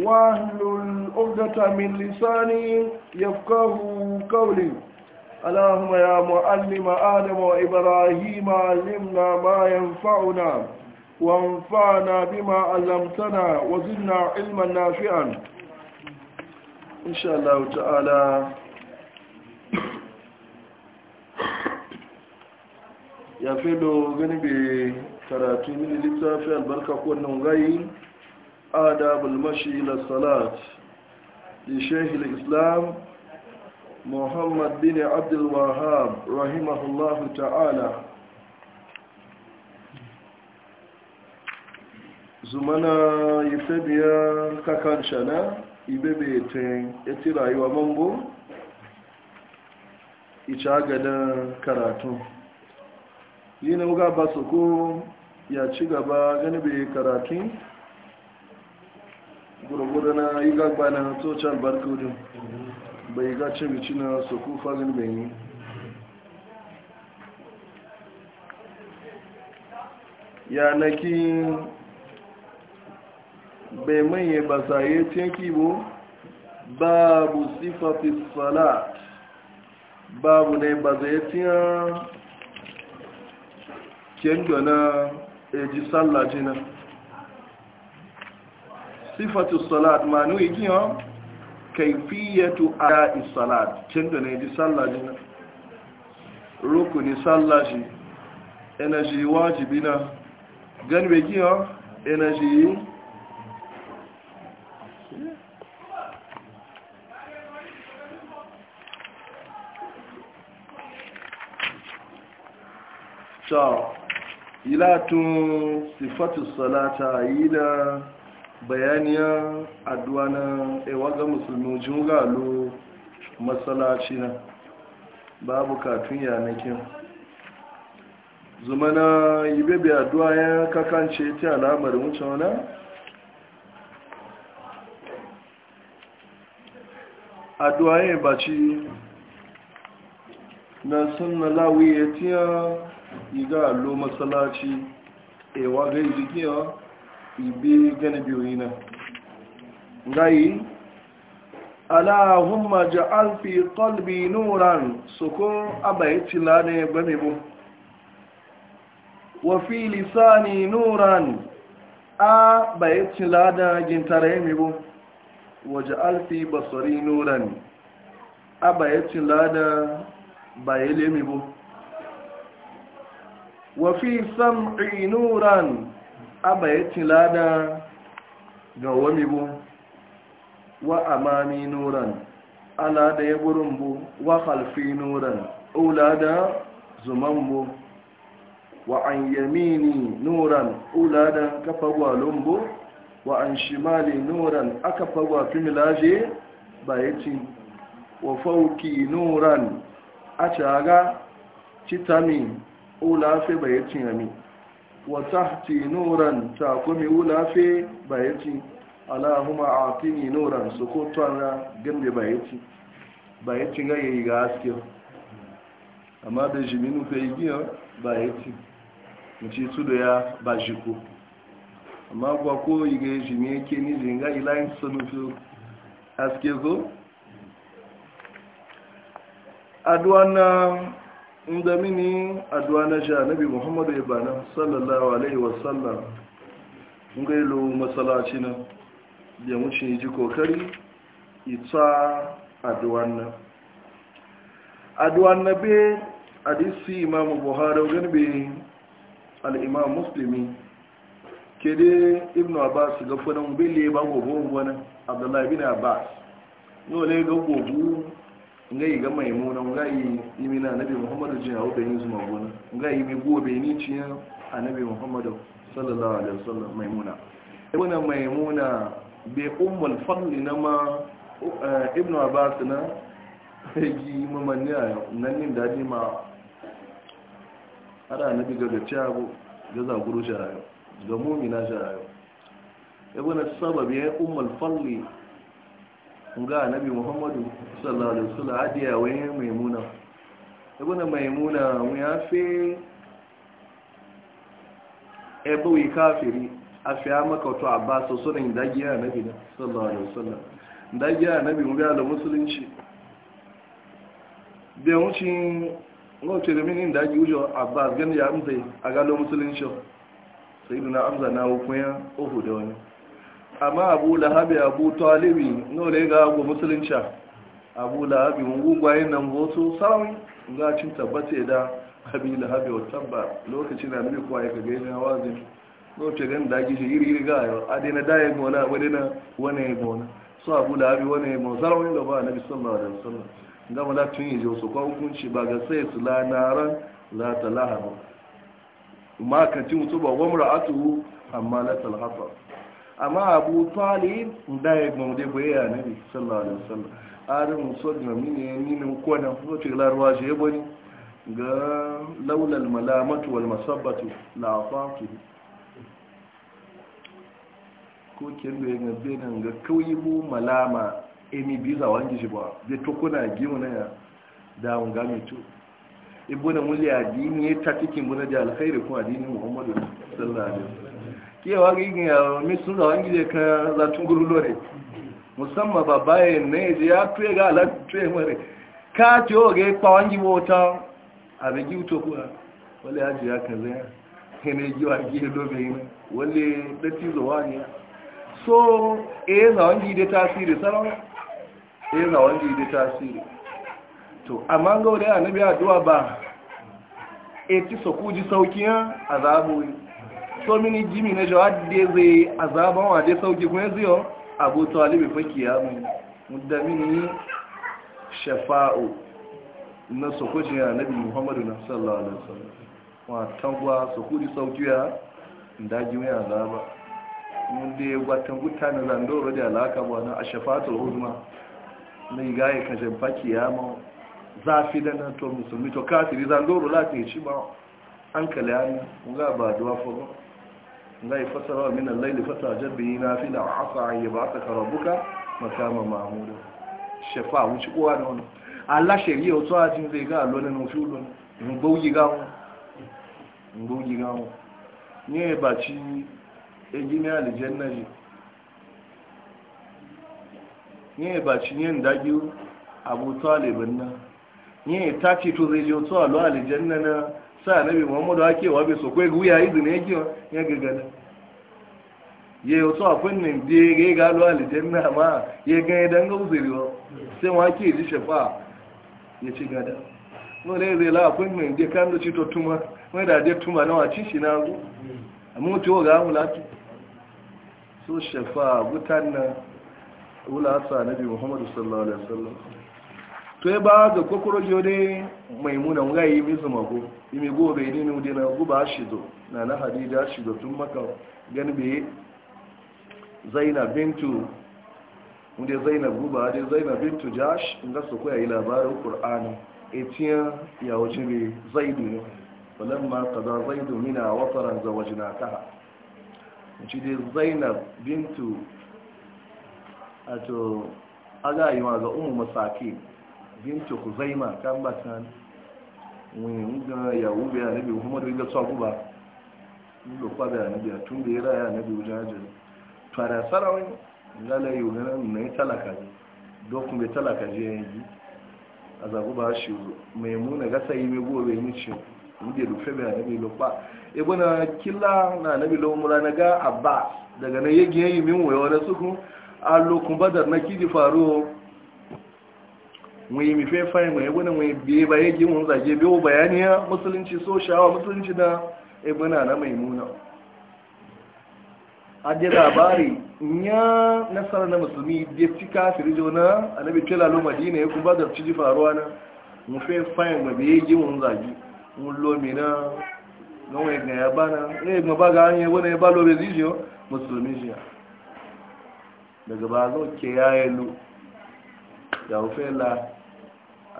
واهل الأبدة من لساني يفقه قولي اللهم يا معلم آدم وإبراهيم علمنا ما ينفعنا وانفعنا بما علمتنا وزدنا علما نافعا إن شاء الله تعالى يا فيلو غنبي gani bai karatu mini littafi آداب المشي إلى الصلاة لشيخ الإسلام محمد بن عبد الوهاب رحمه الله تعالى zumana yi fabiya kakan shana ibebe ten eti rayuwa mambo ica gadan karatu yi na ba su ko ya ci gaba ganibe karatu? gurgudu na yi gagba na social barkudin bai ga cin na soku fagin benin yanakin bai manye ba saye tenki bo babu sifafi salat babu ne ba zai tiya kendo na eji sallah na. sifatu salat ma nu yi yo kaifiyatu ada salat cin da ne ji sallah ji rukuni sallah ji energy wajibi na gan be gi energy so ila tun sifatu salata yi na. Bayaniya, addu'a na ewaga musulmi jin galo matsalaci na babu katun yanakin zuma na yi bebe addu'a ya kakance ta alamar wuce wana addu'a ya baci na sunna lawi ya tiya yi galo matsalaci ewaga yi jikiyar ibe gani biyoyi na gayi alahumma ja'al fi qalbi nuran soko abayti lane gbamibu wa fi lisani nuran a bayti lada gintare mibu wa ja'al fi basari nuran a bayti lada bayele mibu wa fi sam'i nuran aba ya ci lada ga wani bu wa amami nuran ala da ya gurin bu wa halfi nuran ula da zuman bu wa an yamini nuran ula da kafa gwalon bu wa an shimali nuran aka fagwa fim laje ba wa fauki nuran a caga citami ula fi ba ya ci yami wata tii n'ora na akwamiwo ndị afee: "Ba ihe tii!" Ala ahụmahụ ati n'inaora nso ka ọ twanị a gem dị ba ihe tii. Ba ihe tii nga ya ya ihe asịa. Ama dị eji n'ime mfe ịbịa, ba ihe tii. N'echi esi udị ji ku. Ama nkwakọ ịga eji mee ike na inda mini addu'a na sha nabi muhammadu ibanan sallallahu alaihi wasallam ngailu masalaci na da wuce ji kokari ita addu'an nan addu'an na be hadisi imam buhari gani be al'imam muslimi ke dai ibn abbas gafanin bele ba gobe wani abdullahi bin abbas yau ne ga gobe ngai ga maimuna ngai imina nabi muhammadu jin hawo bayin zuma gona ngai mi gobe ni a nabi muhammadu sallallahu alaihi wasallam maimuna ibn maimuna bi ummul fadl ma eh, ibnu abbas na yi a nan yin daji ma ada nabi ga gaciya go ga zaguru sharayo ga mu'mina sharayo ibn sabab ya ummul fadl ga nabi muhammadu sallallahu alaihi wasallam hadiya wayan maimuna ibn maimuna mu ya fi ebe wi kafiri a fi maka to abbas sunan dagiya nabi sallallahu alaihi wasallam dagiya nabi mu ga musulunci da wucin wacce da inda dagi wujo abbas gani ya amsa a galo musulunci sai duna na hukunya ohu da wani amma abu lahabi abu talibi no ya ga abu musulunci abu lahabi mun gugwaye nan hoto sawi ga cin tabbata da da lahabi wa tabba lokaci na nabi kuwa ya gani na wazin no ce gan da gishi iri iri ga yau a da daya gona wadina wani ya gona so abu lahabi wani ya gona sawi da ba nabi sallallahu da musamman ga mu tun yi jo su kwa hukunci ba ga sai su la naran la talaha ma kan ci mutu ba gwamra atuhu amma la talhafa amma abu talib da ya gbamu dai bai ya nabi sallallahu alaihi wasallam arin musul na mini ni nan ko nan ko ce larwa je bani ga laulal malamatu wal masabbatu la afaqi ko kin da ga benan ga kauyi mu malama emi biza wangi shi ba da tokuna gimu na ya da un ga mitu ibuna mulya dini ta cikin buna da alkhairi ko addinin muhammadu sallallahu alaihi wasallam kewa gigin ya misun da wangi zai kan zatun gurulo ne musamman babbaye ne je ya tuye ga alatuye mare ka ce o ga kwa wangi bota a da giwuto kuwa wale ya ya kan zai ya ne giwa gihe lobe yi wale dati zuwa ne so e za wangi dai tasiri sarau e za wangi dai tasiri to amma ga nabi annabi duwa ba e ti za a azabu so mini jimi na jawad da zai azaban wa dai sauki kuma ziyo abu talibi faki ya Mun mudda mini shafa'u na sokojin ya nabi muhammadu na sallallahu alaihi wasallam wa tangwa sokuri sauki ya ndaji mai azaba mun da ya gwatan guta na zandoro da alaka ba na a shafa'atul uzma na igaye kashin faki ya mu zafi da na to musulmi to kafiri zandoro lati ci ba an kalani ga ba duwa fa la yafsara min al-layl fasajad bi nafila asa an yab'athaka rabbuka makama mahmuda shafa wuci kowa da wannan Allah shari'a to a jin zai ga lona no fiulo mun bauji ga mu bauji ga mu ne ba ci engineer aljanna ji e ba ci ne ndagi Abu Talib ni e ta ce to zai je to a lo aljanna na sa nabi muhammadu hake wa bai sokwai guya izini yake ya gagada ya yi wasu akwai ne da ya ga galo alijanna ma ya ganye don ga uzuri wa sai wa ke ji shafa ya ci gada wani zai la akwai ne da kan da cito tuma wani da da tuma na wacin shi na zu a mutuwa ga mulatu so shafa gutan na wula sa nabi muhammadu sallallahu alaihi wasallam to ya ba ga kokoro jode mai muna nga yi mizu mago imi go bai ni ne na guba shido na na hadida shido tun maka gani zainab bintu inda zainab guba da zainab bintu jash nga su koya yi labarin qur'ani etiya ya waje bai zaidu ne falamma qada zaidu mina wataran zawajnataha shi dai zainab bintu ato aga yi ma ga umu masaki binta ku zai ma kan ba ta wani ga yawo bai anabi muhammadu bai gasa ku ba lo kwa bai anabi a tun da ya raya anabi wajen ajiyar tare sarawai ngala yi wani na yi talaka ne dokun bai talaka je yanzu a zagu ba shi mai muna gasa yi mai gobe ni ce inda rufe bai anabi lo kwa ibu e na kila na anabi lo mura na ga abba daga na yagi yi min wayo na suku a lokun badar na kidi faruwa mu mai mi fefai mai wani mai biye ba yake mun zage biyo bayaniya musulunci so shawa musulunci e na ibina na maimuna adi labari ya nasara na musulmi da ci kafiri jona annabi kelalo madina ya kuma da ci faruwa na mu fefai mai biye yake mun zage mun lomi na gawa ga ya bana eh ma ba ga hanyar wani ya ba lobe zijiyo musulmi jiya daga ba zo ke yi lu da la.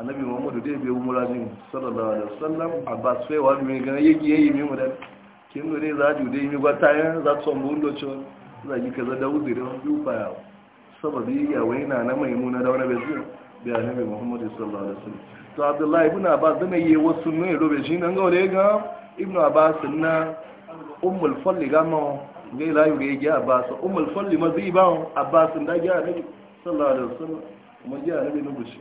annabi muhammadu dai bai umura jin sallallahu alaihi wasallam abbas sai wa mai gana yake yayi mai mu da kin dole za ju dai mi gwata yan za su son bundo cho za ki kaza da uzirin dufa sababi ya waina na maimuna da wani bezin da annabi muhammadu sallallahu alaihi wasallam to abdullahi ibn abbas dana yi wasu ne robe shi nan ga wale ga ibn abbas na ummul fadli ga ma ne la yi ga abbas ummul fadli mazi ba abbas da ga annabi sallallahu alaihi wasallam kuma ji annabi nubushi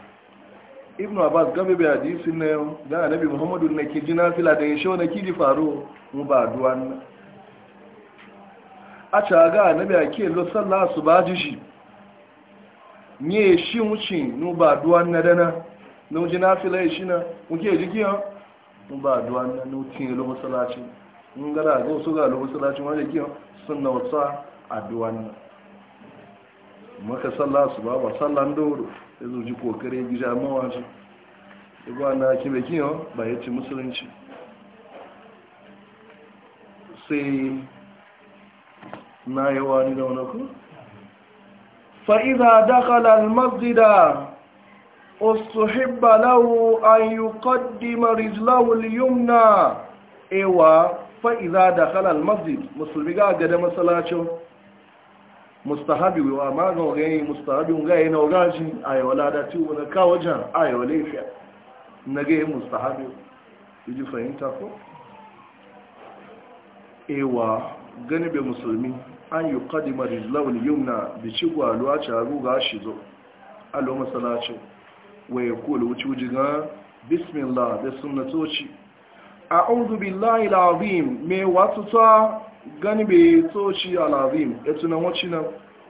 ibn abbas gabe bai hadisi na yau da annabi muhammadu na ke jina fila da ya sho na kidi faru mu ba duwan a caga annabi a ke lo sallah su ba ji shi nye shi wuce nu ba duwan na dana na wuce na fila ya shi na muke jikiya mu ba duwan na na nutin lo masalaci mun gara zo su ga lo masalaci wanda kiyo sun na wata a duwan na maka sallah su ba ba sallan doro Sai ya zurji kokare gida mawaji da ba na kime kiyo ba ya ci musulunci sai na yi wani da wani ku fa’iza dakala al-mazida osuhibba lawo an yi kodima rizlawul yumna ewa fa’iza dakala al-mazid musulmi ga gada masalacin mustahabi wa ma ga ogayi mustahabi ga na ogaji ayo wala da ci wala ka wajen ayo wala fi na ga mustahabi ji fahimta ko ewa gani be musulmi an yi kadima rizlawul yumna na ci gwaluwa caru ga shi zo alo masalacin wa ya kula wuce wuji ga bismillah da sunnatoci a'udhu billahi al-azim me watuta gani bai shi al'azim ya tuna wacce nan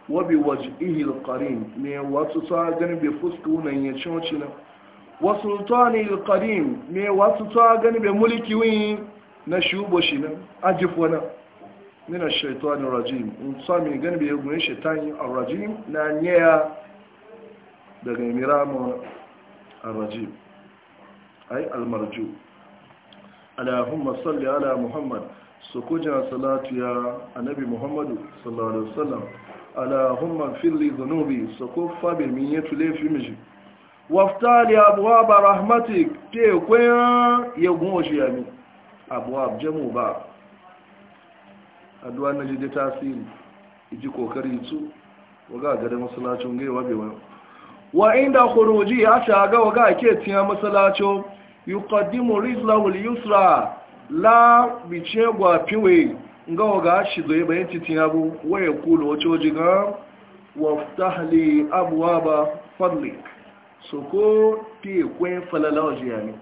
wabi waje ihil karim mai wasu ta gani bai fuska wunan ya ci wacce nan wasu Ihil karim mai wasu ta gani bai mulki wuni na shubo shi nan ajif wana nina shaitanin rajim in sami gani bai gune shaitanin rajim na nyeya daga A rajim ai almarju اللهم صل ala Muhammad. su kuja salatu ya annabi muhammadu sallallahu alaihi wasallam alahumma Fili, zunubi su ko fabe min ya tule fi miji waftali abuwa ba rahmatik te kwayan ya gun oṣe ya mi abuwa jemu ba aduwa na jide tasiri iji kokari su waga gada masalacin gaiwa bewa wa inda kuruji ya shaga waga ke tiya masalacin yukaddimu rizla wuli yusra la bice gwafiwe ga waga shi zoye bayan titin abu waya kula wace waje ga waftahli abuwa ba fadlik so ko te kwen falala waje ya ne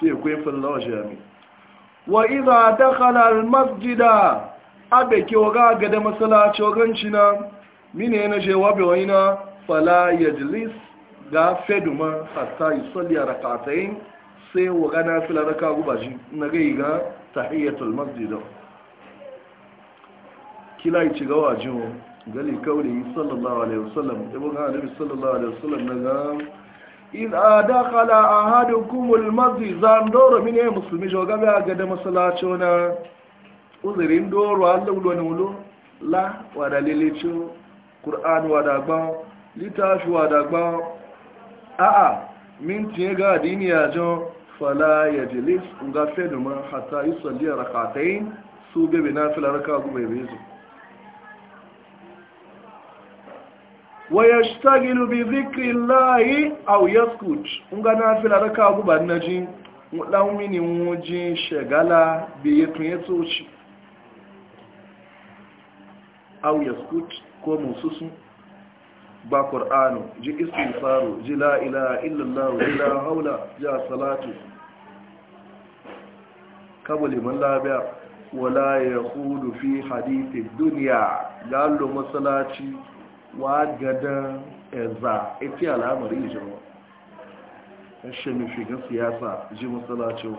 te kwen falala waje ya ne wa iza dakhala al masjida abe ke waga ga da masalaci na mine na je wabe wani na fala yajlis ga feduma hatta yusalli rak'atayn sai wa gana fila raka guba shi na gai ga tahiyyatul masjidan kila yi ci gawa jiwo gali kauli sallallahu alaihi wasallam ibn annabi sallallahu alaihi wasallam na ga in a adakhala ahadukum almasjid zan doro mine musulmi jo ga ga da masalaci na uzirin doro Allah ulo ne ulo la wa dalilicho kur'an wa da gba litashi wa da gba a a min tiye ga adini ya jo fala ya jilis nga fedu ma hatta yi salliya rakatain su bebe na fila raka gube bezu wa yashtagilu bi dhikri llahi aw yaskut nga na fila raka guba naji dan mini wuji shagala bi yatun yatsuci aw yaskut ko mususun ba ƙor'anu ji iskin tsaro, ji la'ila illallah ji la haula ji salatu kabo liman labiya wala ya hudu fi hadithin duniya galo matsalaci wa gadan eza iti al'amari jiro yashe mafigin siyasa ji matsalaci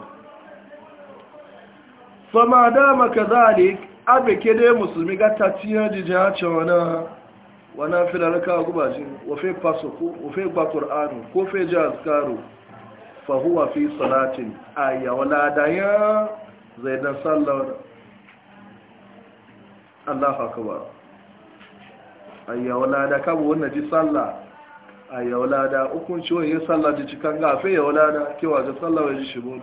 fama dama ka zalik abe ke dai musulmi ga tatiyar jijiyar cewa na wana fila raka gubaji wafe ko wafe gba ƙor'anu ko fe ji azkaru fahuwa fi salatin a yawa ladaya zai dan sallah. allah akabar a yawa lada kabo wannan ji sallah a yawa lada hukunci wani ya sallah ji cikin gafe yawa lada kewa ji sallah wani ji shi bolo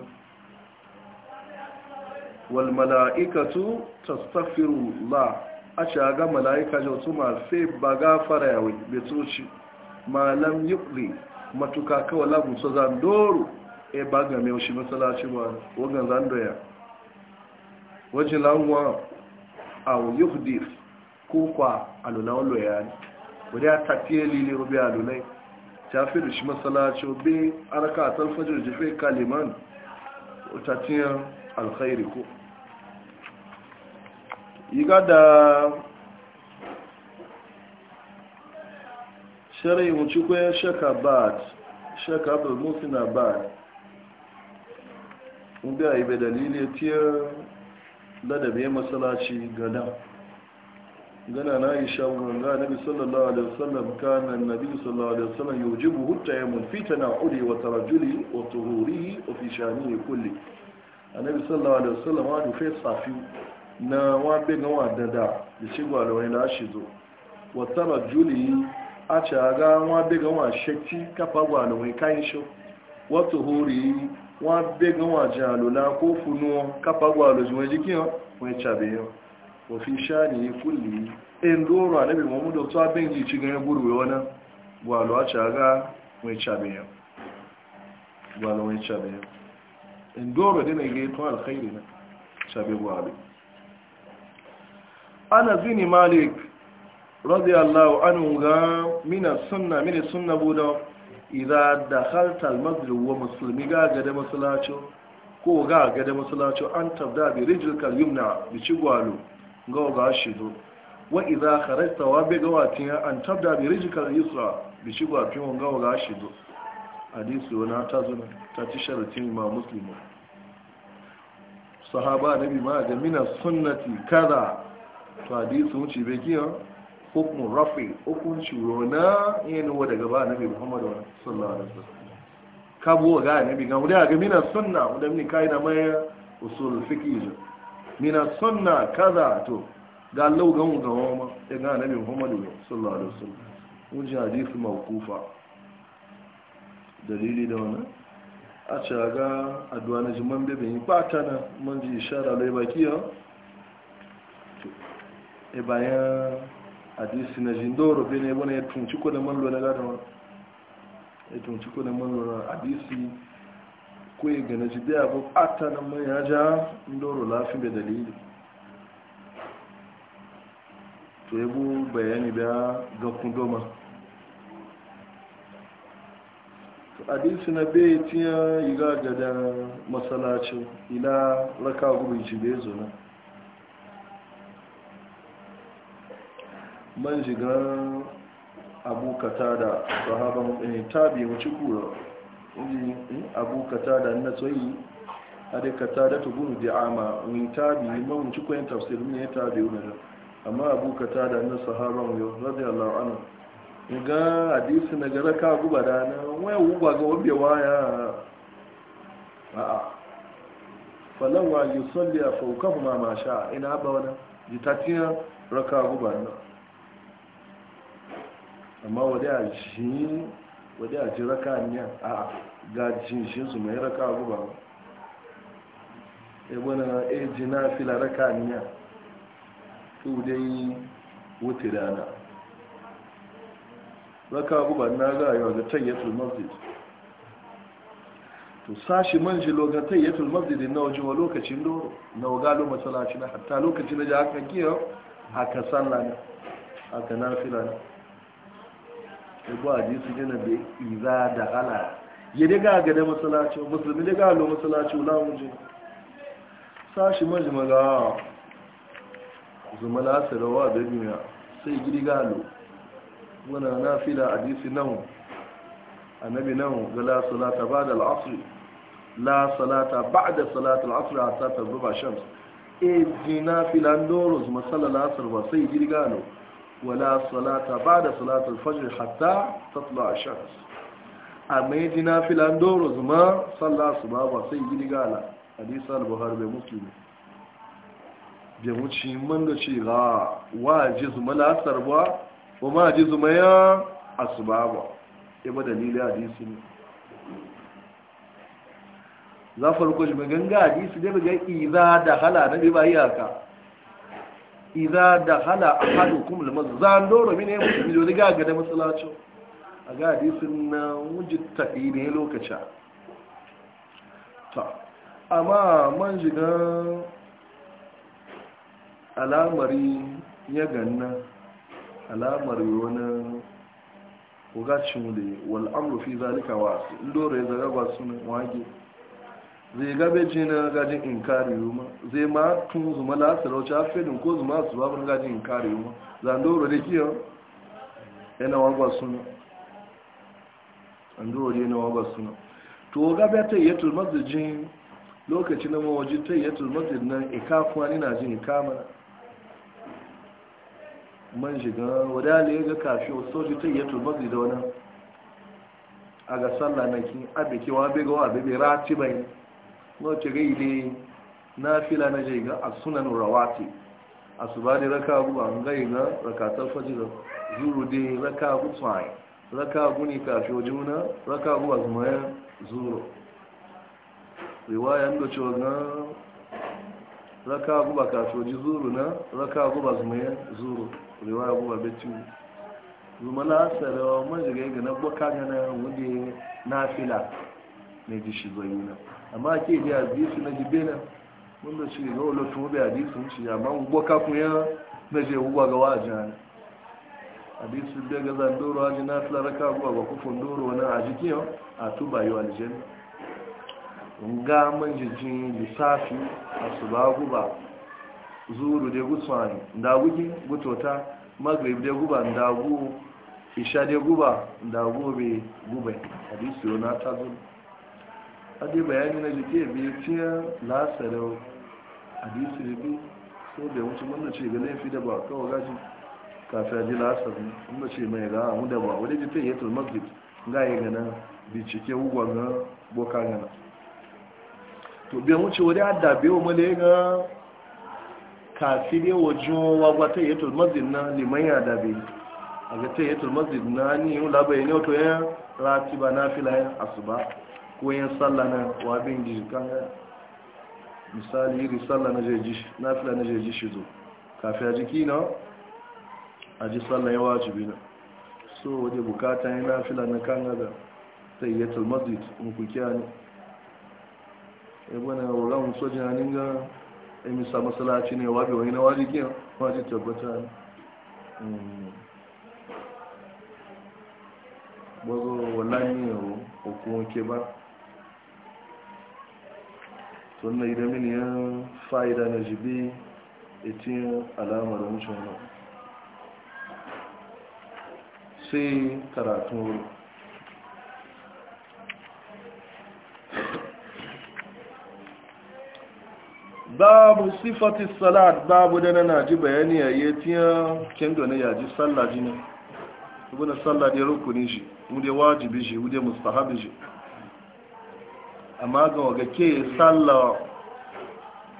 walmala'ikatu tastafiru la a shaga mala'ika ma marfe ba gafara yawai lam malam yukli matuka kawai lagunsa zandoro e ba ga mai shi matsalaci ba zan zandoya wajen lanwa a yukdif ko kwa alulawar loya ne wadda ya tafiye lili rubi alulai ta fi rushi shi matsalaci be arka a tarfajar jife kaliman tatiyar alkhairi ko iga da shari'i wuce kwaye shaka bat shaka abu musina bat ɗin a ibe dalilin tiyar ladabe masalaci gada gana na yi shagun ga nabi sallallahu alaihi wasallam kana nabi sallallahu alaihi wasallam yujibu hutta ya mun fita na kuri wa tarajuli wa tururi ofishani ne kulle a nabi sallallahu alaihi wasallam wa du fe na wabe ga wadada da shi gwada wani lashi zo wata rajuli a ci aga wabe ga wa shakki kafa gwada wani kayan shi wata hori wabe ga wa jalula ko funuwa kafa gwada zuwa jikin wani cabe yau wafi sha ne kulli in doro a nabi mamu da tuwa bin ji cikin ya guru wani gwada a ci aga wani cabe yau gwada wani cabe yau in doro dina ga yi tuwa alkhairi na cabe gwada ana zini malik radiyallahu anhu ga mina sunna mini sunna buda idan da haltar mazlum wa musulmi ga gada masalacin ko ga gada masalacin an tabda bi rijil kalyumna bi ci gwalo ga ga shido wa idan kharajta wa bi gawatin an tabda bi rijil kalyusra bi ci gwafin ga ga shido hadisi wani ta zuna ta ci sharatin ma musulmi. sahaba nabi ma ga mina sunnati kada. to hadisi wuce bai giya hukumun rafi hukunci rona iya nuwa daga ba nabi muhammadu sallallahu alaihi wasallam kabuwa ga nabi ga muda ga mina sunna muda mini kai na mai usul ji. mina sunna kaza to ga Allah ga mu ga wama ga nabi muhammadu sallallahu alaihi wasallam wuce hadisi mawqufa dalili da wannan a ce ga addu'a na jiman bebe ba ta na man ji ishara lai bakiya e bayan hadisi na jindoro bai ne wani ya tunci da mallo na gata wani ya da na hadisi ko gana ji ata na mai haja ndoro lafi da dalili to ebu bu bayani biya ga kundoma hadisi na bai tiya yi gada masalacin ila raka guru ji bai zo na man jigan abokata da sahaban eh, tabi wuce kura eh, abokata da na tsoyi adekata da tugunu da ama wani tabi man wuce kwayan tafsir ne ya tabi wani amma abokata da na sahaban yau radiyallahu anhu ga hadisi na gara ka guba da na waya guba ga wabe waya a, a'a falawa yusalli a faukahu ma masha ina ba wani jitatiya raka guba na amma wadda a ji raka ne a gajin shi su mai raka guba ebona eji na fila raka ne su dai wuce dana raka guba na za a yi wa tayyatul masjid to sashi manji shi ya tayyatul masjid na waje wa lokacin doro na wagalo masalaci na hatta lokacin da ji haka giyar haka sallah haka na fila ne ko hadisi ne da be iza da ala ya daga ga da masallaci musulmi daga lo masallaci la muje sashi majma ga zuma la sarawa da duniya sai gidi ga lo wana nafila hadisi nan annabi nan ga la salata ba'da al-asr la salata ba ba'da salati al-asr hatta tazruba shams e jina filan doros masallala asr ba sai gidi ga lo wala salata ba da salatul fajr hatta tatla shams a mai jina filan ndoro zuma sallah su ba ba sai gidi gala hadisa al-buhari bai muslim bai wuce man da ce ga wa ji zuma lasar ba wa ma ji zuma ya asuba ba ya ba dalilin hadisi ne za farko shi maganga hadisi dai ga iza da hala na bai ba iyaka iza da hala a haɗu kuma da masu zan doro mini miliyoni ga da matsalaci a ga hadisin na wuji tafi ne lokaci ta amma man shiga alamari ya ganna alamari wani kogacin da wal'amrufi zalika wasu doro ya zaga ba suna wage zai gabe ce na gajin in kare yuma zai ma tun zuma sarauci a ko zuma su ba gajin in kare yuma zandoro da kiyo yana wagwa suna zandoro da yana wagwa suna to gabe ta yi yatul masjidin lokaci na mawaji ta yi yatul masjid nan ika e kuma ni na jin man shiga ya ga kafi soji ta yi yatul masjid da wani a ga sallah na kin bai bai rati no ce ga ne na fila na jai ga asunan rawati ba ne raka abu an gai na rakatar fajira zuru dai raka abu tsaye raka abu ne kafi wajen na raka abu a zumaya zuru riwayan da cewa na raka abu ba kafi wajen zuru na raka abu ba zumaya zuru riwaya abu ba beti zuma wa majigai ga na baka gana wunde na fila na ji shi yi. na amma ke da hadisi na jibena mun da shi ga wala tuwo da hadisi mun shi amma mun boka kun ya na je uwa ga wajen hadisi da ga zan doro haji na tsara ka uwa ga kufin doro wani a jiki a tuba yi aljanna nga man jijin lissafi a su ba guba zuru da gutsuwani ndagugi gutota magrib da guba ndagu isha da guba ndagu bai gubai hadisi yana ta zuru ade baya na jike bai tiya lasarau da bi so da yawanci wanda ce ga laifi da ba kawai gashi kafin a ji mai ga amu da ba wadda jike ya tụrụ ga yi gana bincike ugwa na boka gana to bai wuce ga wagwata ya tulmar na liman ya da a ga ya na ni ya rati ba na asuba ko yin sallah na wabin ya kan misali iri sallah na jeji na fila na jeji shi zo kafin a jiki na a ji sallah ya wajibi na so waje bukata ya na fila na kan gada sai ya talmazit mukukiya ne ebe na wuran sojin hannun ga emisa masalaci ne wabi wani na wajibi wajibi tabbata ne gbogbo wọlá ní ẹ̀rọ òkú oúnjẹ bá sunna idan da miniyan fa'ida na jibi itin alamar wucin nan sai karatun babu sifati salat babu da na naji bayani a yi tiyan kendo na yaji sallaji ne ibi na sallaji rukuni shi wude wajibi shi wude mustahabi shi amma ga waga ke sallah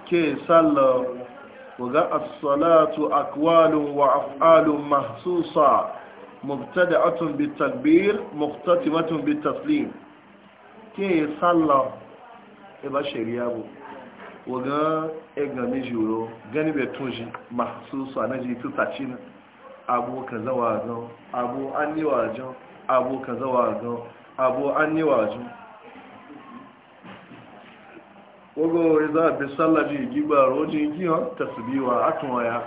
ke sallah waga as-salatu aqwalun wa af'alun mahsusa mubtada'atun bitakbir muhtatimatun bitaslim ke sallah e ba shari'a bu waga e gami juro gani be tunji mahsusa na ji tutaci na abu kaza wa gan abu an yi wa abu kaza wa gan abu an yi wa kogo za a bi sallaji gigba rojin giyon tasbiwa a atunwaya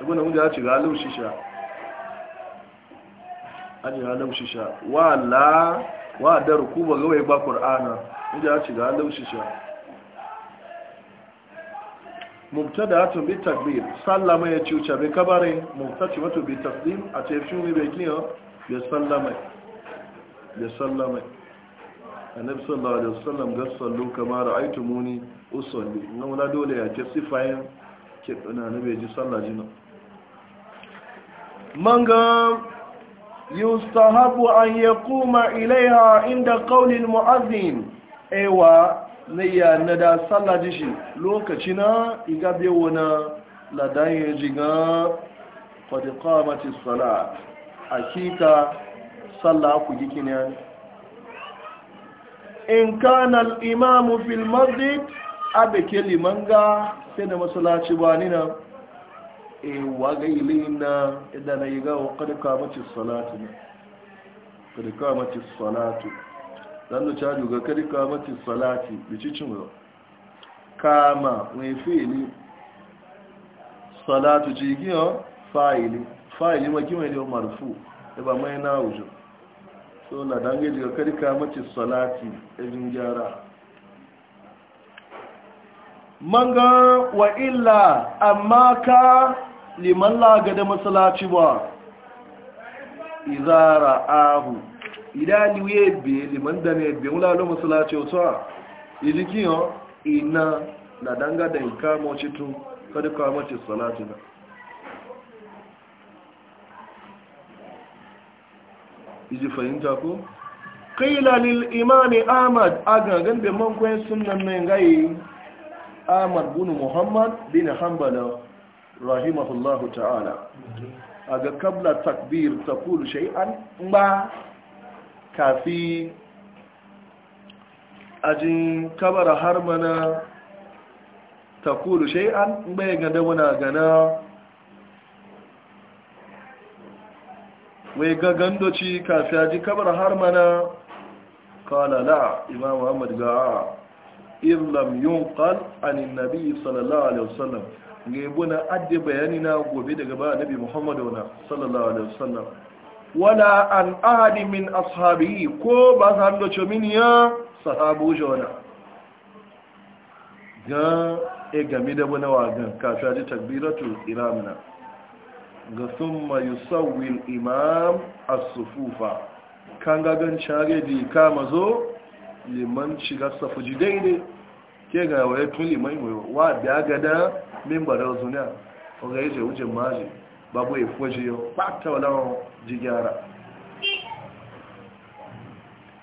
ibn wanda ya shisha laushisha aji ga shisha wa la wa da rukuba gawai ba qur'ana wanda ya shiga laushisha mubtada to bi takbir sallama ya ciuca bi kabare mubtati wato bi taslim a tafsiri bi giyon bi sallama bi sallama annabi sallallahu alaihi wasallam ga sallu ra'aytu muni usalli nan wala dole ya ce sifayin ke na nabi ji sallah jina manga yustahabu an yaquma ilaiha inda qawli almu'adhdhin ewa nayya nada sallah dishi lokaci na igabe wona ladan yaji ga qad qamatis salat akika sallah ku gikin yana in kana al'imamu fil masjid abeke liman ga sai da masalaci ba nina, e wa ga ilin na idan na yi ga ƙarƙa mace salatu na ƙarƙa mace salatu don da caju ga ƙarƙa mace salati bicicin wa kama mai fili salatu jigiyar fa'ili fa'ili maki mai da marfu e, ba mai na wujo so na dange daga karka mace salati ibn gyara manga wa illa amma ka liman laga da masalaci ba izara ahu idan liwe be liman da ne be wula lo masalaci wato ilikiyo ina na danga da in kama wacce tun kada kama mace salati na iji fahimta ko lil imani ahmad aga gambe man ko sunnan ne ngai ahmad bin muhammad bin hanbal rahimahullahu ta'ala aga kabla takbir taqulu shay'an ba kafi ajin kabara har taqulu shay'an ba ga da wana gana wai ga gandoci kafin ji kamar har mana kala la imam muhammad ga a irlam yun kal anin nabi sallallahu alaihi wasallam ga yabo na adi bayani na gobe daga ba nabi Muhammadu na. sallallahu alaihi wasallam wala an ahadi min ashabi ko ba sa hando min ya sahabu jona ga e gami da wani wagan kafin ji takbiratul iramina ga summa yusawwil imam as-sufufa kan gagan chare di kama zo liman shiga safu ji daidai ke ga waye tun liman wayo wa biya gada mimbarar zuniya o ga yaje wuce maji babu ya foji yau pata wala ji gyara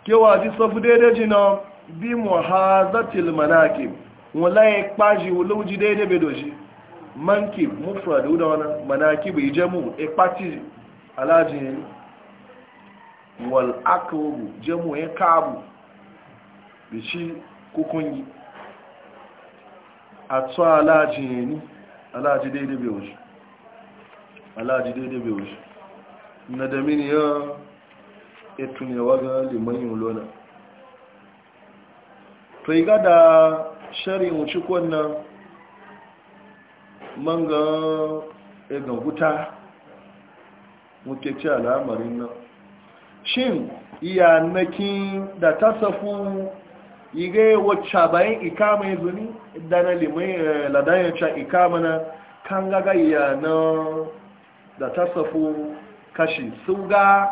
ke wa ji safu daidai jina bi muhazatil manakib wala ya kpaji wala ji daidai bedoji manki mufradu da wani manaki bai jamu e e a pati alajin wal akawu jamu ya kabu da shi kukungi a tso alajin ni alaji daidai bai wuce alaji daidai bai wuce na da mini ya etun yawa ga liman yin lona to yi gada shari'in wuce kwanan man e ga egan wuta muke ci al'amarin nan shin iyanakin da ta safu iga wacce bayan ikama ya zuni da na limai eh, ladayanca ikama na kan gaga iyanan da ta safu kashi su ga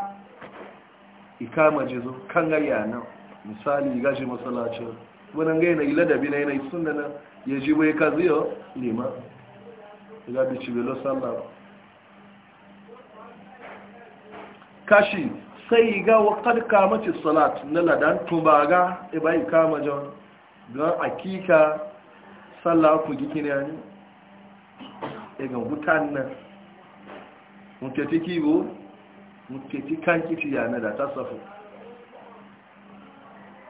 ikama jizo kan gaga iyanan misali gashi masalacin wani ga yanayi ladabi na yanayi sun da na ya ji bai ka ziyo lima. ga bi ci belo sallah kashi sai ga wakar kamace salat na ladan tuba ga ibai e kama jan don akika sallah ku giki ne ne ga hutan nan mutati kibo mutati kan kiti ya na da tasafu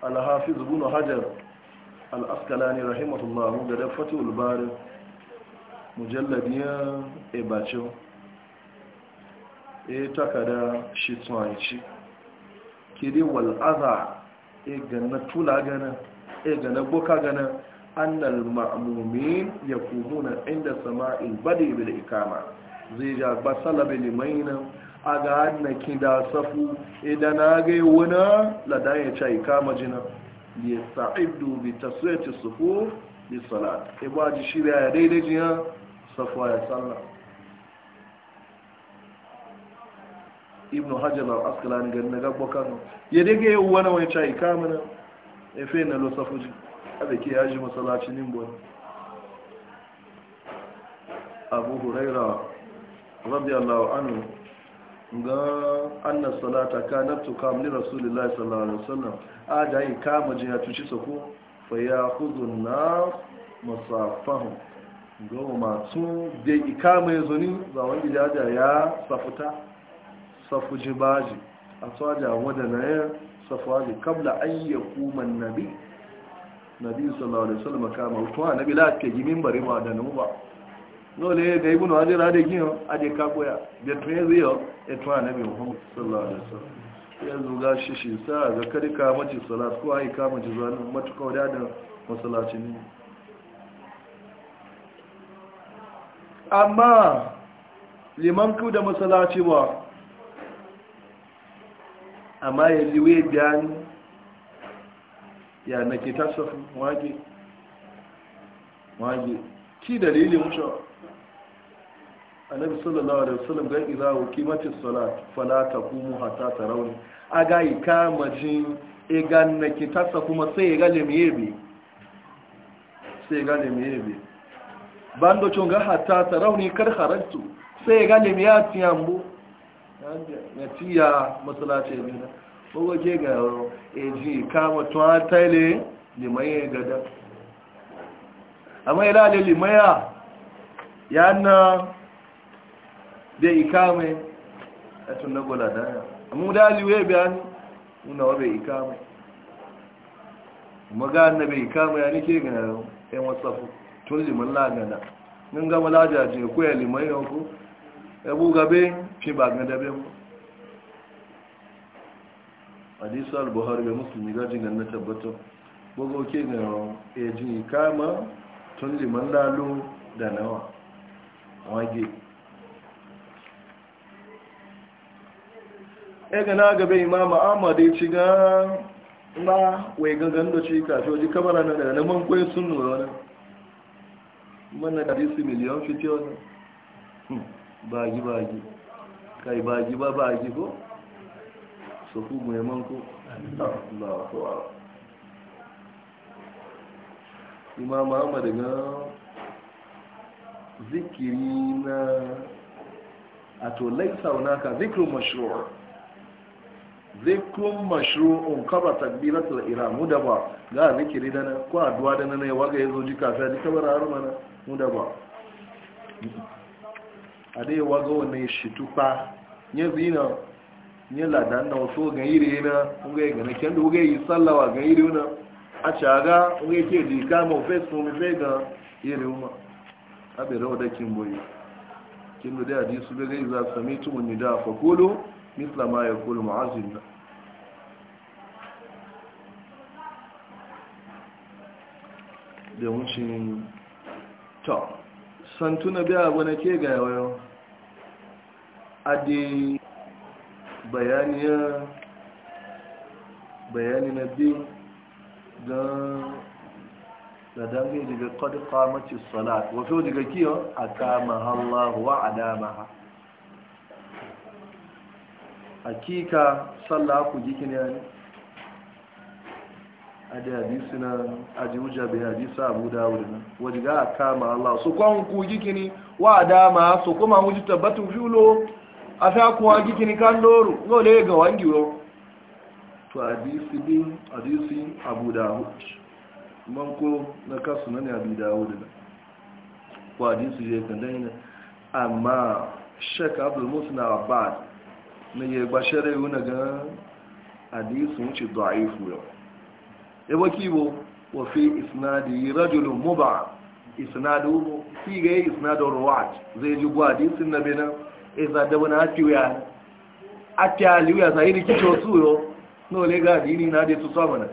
al-hafiz ibn hajar al-asqalani rahimahullah da fatul bari mujalladiyar ebacin e takada shi tsohonci kiri wal'aza e gana tula gana e gana boka gana annal ma'amumin ya inda sama'il bade bil ikama zai basala ba salabe limaina annaki e da safu idan na gai wuna ladan ya ca ikama jina ya sa'idu bi tasirci sufu bi salat e ba shirya daidai jiya safuwa ya sallah ibn hajjal al-asqalani gani na gabba kano ya dage yau wani wani cai kamuna ya fi na losafuji a da ke yaji masalacin nimbo abu huraira radiyallahu anhu ga anna salata kanat tukam li rasulillahi sallallahu alaihi wasallam a da yi kama jiya ya tuci sako fa ya khudhu an-nas goma masu da ikama ya zuni za wani jaja ya safuta safu jibaji a wadda na yin safuwa ne kabla an yi nabi nabi sallallahu alaihi wasallam kama hutuwa nabi la ke gimin bari ma da nuba dole da ibnu hajira da giyo aje ka koya da tun ziyo ya tuwa nabi muhammad sallallahu alaihi wasallam ya ga shi shi sa ga kadi ka mace salat ko ai ka mace zuwa matuƙa da masallacin ne amma liman ku da masalaci ba amma ya liwe biyani ya na ke tasafi wage wage ki dalilin shi annabi sallallahu alaihi wasallam ga idza uqimatis salat fala taqumu A tarawni aga ikama jin e ganna ki tasa kuma sai ga lemiyebi sai ga lemiyebi bando chunga hatta sarauni kar kharajtu sai ga lim ya tiyambu na tiya masalace ne ko waje ke ga eji kama tuwa taile mai gada amma ila lili maya, ya na da ikame a tun na gola daya amma da aliwe bayani muna wa bai ikame magana bai ikame ya nike ga yan e wasafu to liman lagana nin gama lajaje ko ya liman yau ko ya ba gada dabe mu hadisu al-buhari ga musulmi gaji na tabbatar buga oke ga eji kama tun liman lalo da nawa wage e na gaba imama amadu ci ga ba wai gangan da ci kashe waje da na mankwai sun nuna wani mana da disi miliyan fiti wani hmm, bagi bagi kai bagi ba bagi ko su ku mai manko ba kowa imam ahmad ga zikiri na a to laisa ka zikirin mashru'ar zikirin mashru'un kaba takbiratul iramu da ba ga zikiri dana, ko addu'a da na ne waga ya zo ji kafin a ji kabar har muda ba a dai waga wannan shi tufa ya zina nye ladan na wasu ga iri na unga ya na kyan da unga yi sallawa ga iri na a caga unga ya ke jika ma ofe su mi fe ga iri ma a bai rawa da kin boye kin da dai hadisu bai gai za su sami tumun ni da fa kulu misla ma ya kulu ma'azin na da wucin to santuna biya na ke ga yawayo adi bayaniya bayani na biyu don da dangi daga kodi kamaci salat wato daga kiyo a kama a wa adama hakika sallah ku jikin ne. adi hadisi na aji hujja bai abu dawud na kama allah su kwan ku gikini wa dama su kuma wuji tabbatun a sha gikini kan doro yau ga wangi yau to hadisi bin hadisi abu dawud man na kasu na ne abu dawud na ko hadisi je kan amma shek abdul musna ne ya gbashare yau ga hadisi ebo kibo wa fi isnadi rajulun muba isnadu bo ki ga isnadu ruwat zai ji bu hadisin na bena e eh, za da wani ati ali liya sai ni kicho su yo no le ga dini na de su so mana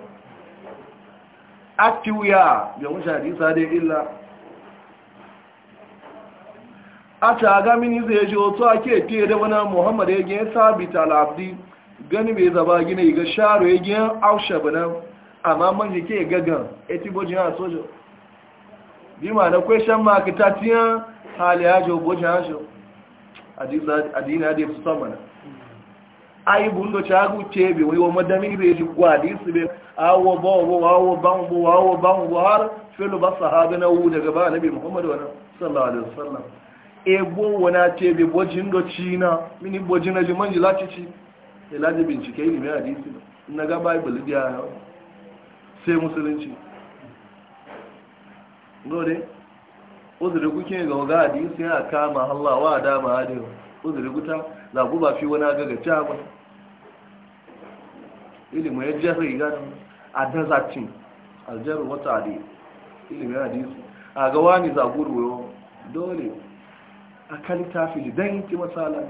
atiya ga mun sa de illa ata ga ni zai ji oto ake ti da wani muhammad ya gina sabita al-abdi gani bai zaba gina ga sharo ya gina aushabana amma manje ke gagan eti bojin a sojo bi ma na kweshen ma ta tatiyan hali hajo bojin hajo adina adi su sama na ayi bundo cha gu chebe wi wo madami be ji kwa di su be awo bo wo awo ban bo awo ban bo har filu ba sahaba na wu daga ba nabi muhammad wa sallallahu alaihi wasallam ebo wona chebe bojin do china mini bojin na manji lati ci elaje bincike ni me hadisi na ga bible dia sai musulunci gode uzuri kuke ga waga hadisi ya kama Allah wa da ma hadiyo uzuri guta za ku ba fi wani gaga ta ba ilimin yaje sai ga a dazatin aljaru wata adi ilimin hadisi a ga wani za gurwo dole a kan tafi dan ki masala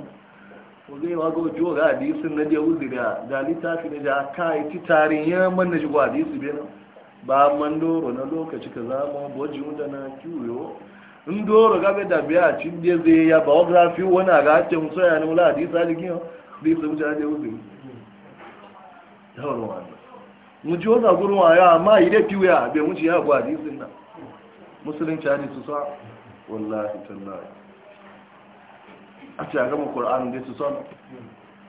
zai wago joga hadisin na je uzira da littafi na da ka yi ci tarin ya man na jigo hadisi bi na ba man doro na lokaci ka zama boji wanda na kiwo in doro gabe da biya cin je zai ya biography wani a gace musa ya nula hadisi a jikin bi su wuce je uzira yawon wani mu ji wata gurin waya amma yi da kiwo bai wuce ya gwa hadisin nan musulunci hadisi sa wallahi tallahi a ce a gama ƙur'an da su son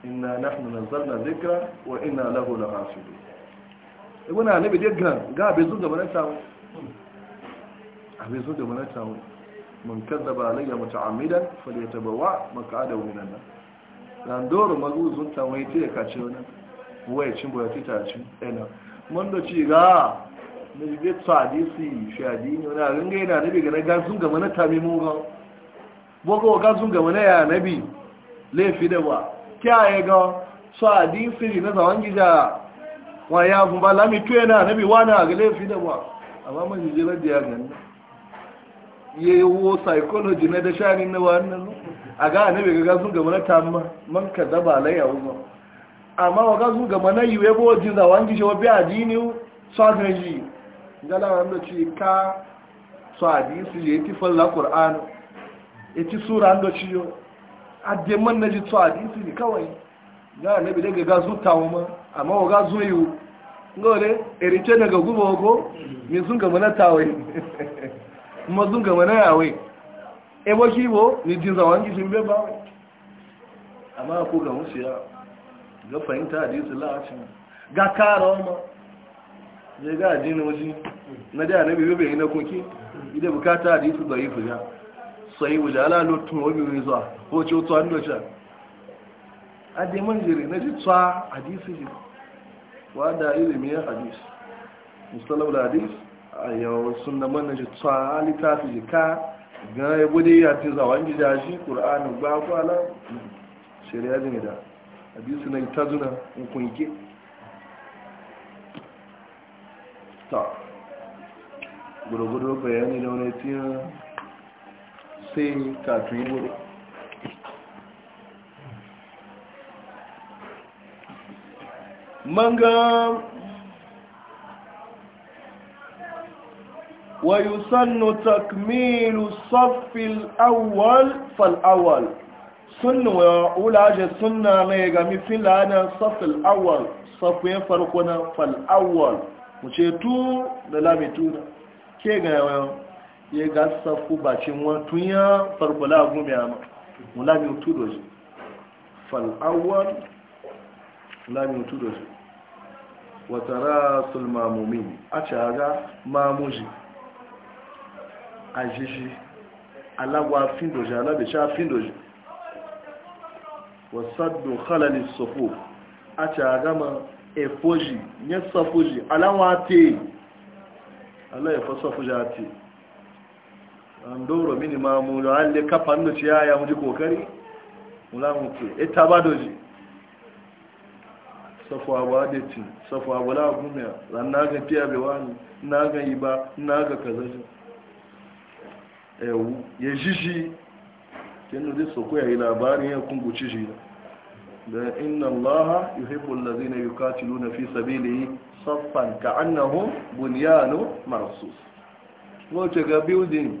ina nahnu nazzalna zikra wa ina lahu la hafidu eh, na annabi dai ga ga bai zo zuwa na tawo mun bai zo gaba na tawo man kazzaba alayya muta'ammidan maka maq'adahu minan nan na doro mazu zun tawo ya ka ce wani waye cin tita ta cin, ɗana eh mun da ci ga na bi tsadisi shadi ne wani ringa yana nabi ga na gasun gaba na tamimu ga boko ga sun gama na ya nabi laifi da ba kyaye ga su a siri na zawon gija wa ya fun ba lami tuye na nabi wani a ga laifi da ba amma mai jijirar da ya gani ya yi wo psychology na da shani na wannan a ga nabi ga sun gama na tamma man ka zaba laya umar amma wa ga sun gama na yiwe bo jin zawon gija wa biya jini su adin ji galawa da ce ka su a siri ya tifar la ƙur'anu ya ci sura da ciyo addeman na ji tsawa hadisi ne kawai ga annabi daga ga zutawo ma amma wa ga zoyu ngole erice daga guba ogo mi sun ga mana tawe kuma sun ga mana yawe e bo kibo ni din zawan ki sun be ba amma ko ga musiya ga fahimta hadisi la'acin ga karo ma je ga addinin waje na da annabi bebe ina koki ida bukata da yi fuja sai wujala lotun wabi wani zuwa ko ce otu an doce a deman jiri na ji tsa hadisi ji wa da ilimi ya hadisi musallam da hadisi a yawon sun da man ji tsa littafi ji ka ga ya gudu ya ce wani gida shi ƙur'anin ba kwala shari'a jini da hadisi na ita zuna kunke. ta gudugudu bayani da wani tiyan sai kafin yi wuri manga wayusannu takmilu safil awal fal awal sunnu wa ulaje sunna mai ga mifila na safil awal safiyan farko na fal awal mu ce tu da lamitu ke ga yawon ya ga safu bacin wani tun ya a gumi a mulamin tudo su fal'awar mulamin tudo su watara sulmamomin a caga mamuji a jiji alagwa fin doji alabica fin doji wasaddu khalali sufu a caga ma efoji ya safuji alawa te ala ya safuji a te an doro mini ma mu da halle kafa da ciya ya muji kokari mula mu ke ita e ba doji safuwa ba da ci safuwa ba la gumiya ran na ga fiya bai wani na ga yi ba na ga kaza shi ewu ya ji shi e kin nudi so ko ya yi labarin ya kunguci shi da inna Allah yuhibbu allazina yuqatiluna fi sabilihi saffan ka'annahum bunyanun marsus wace ga building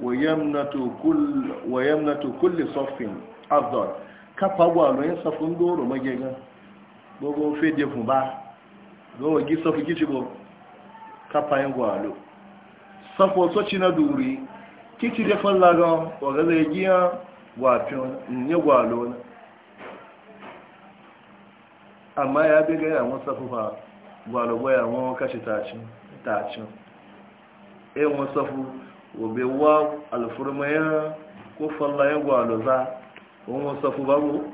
wa yamnatu kulli soffin afdol kafa gwalo yin safin doro magega gbogbo fede fun ba gowa gi safi gijibo kafa yin gwalo safo soci na duri kici da fallagon waga zai giya gwafin nye gwalo na amma ya bi gaya wọn safufa gwalo gwaya wọn kashi tacin tacin e wọn safu gobe wa alfurmaya ko falla ya gwalo za wani wasafu babu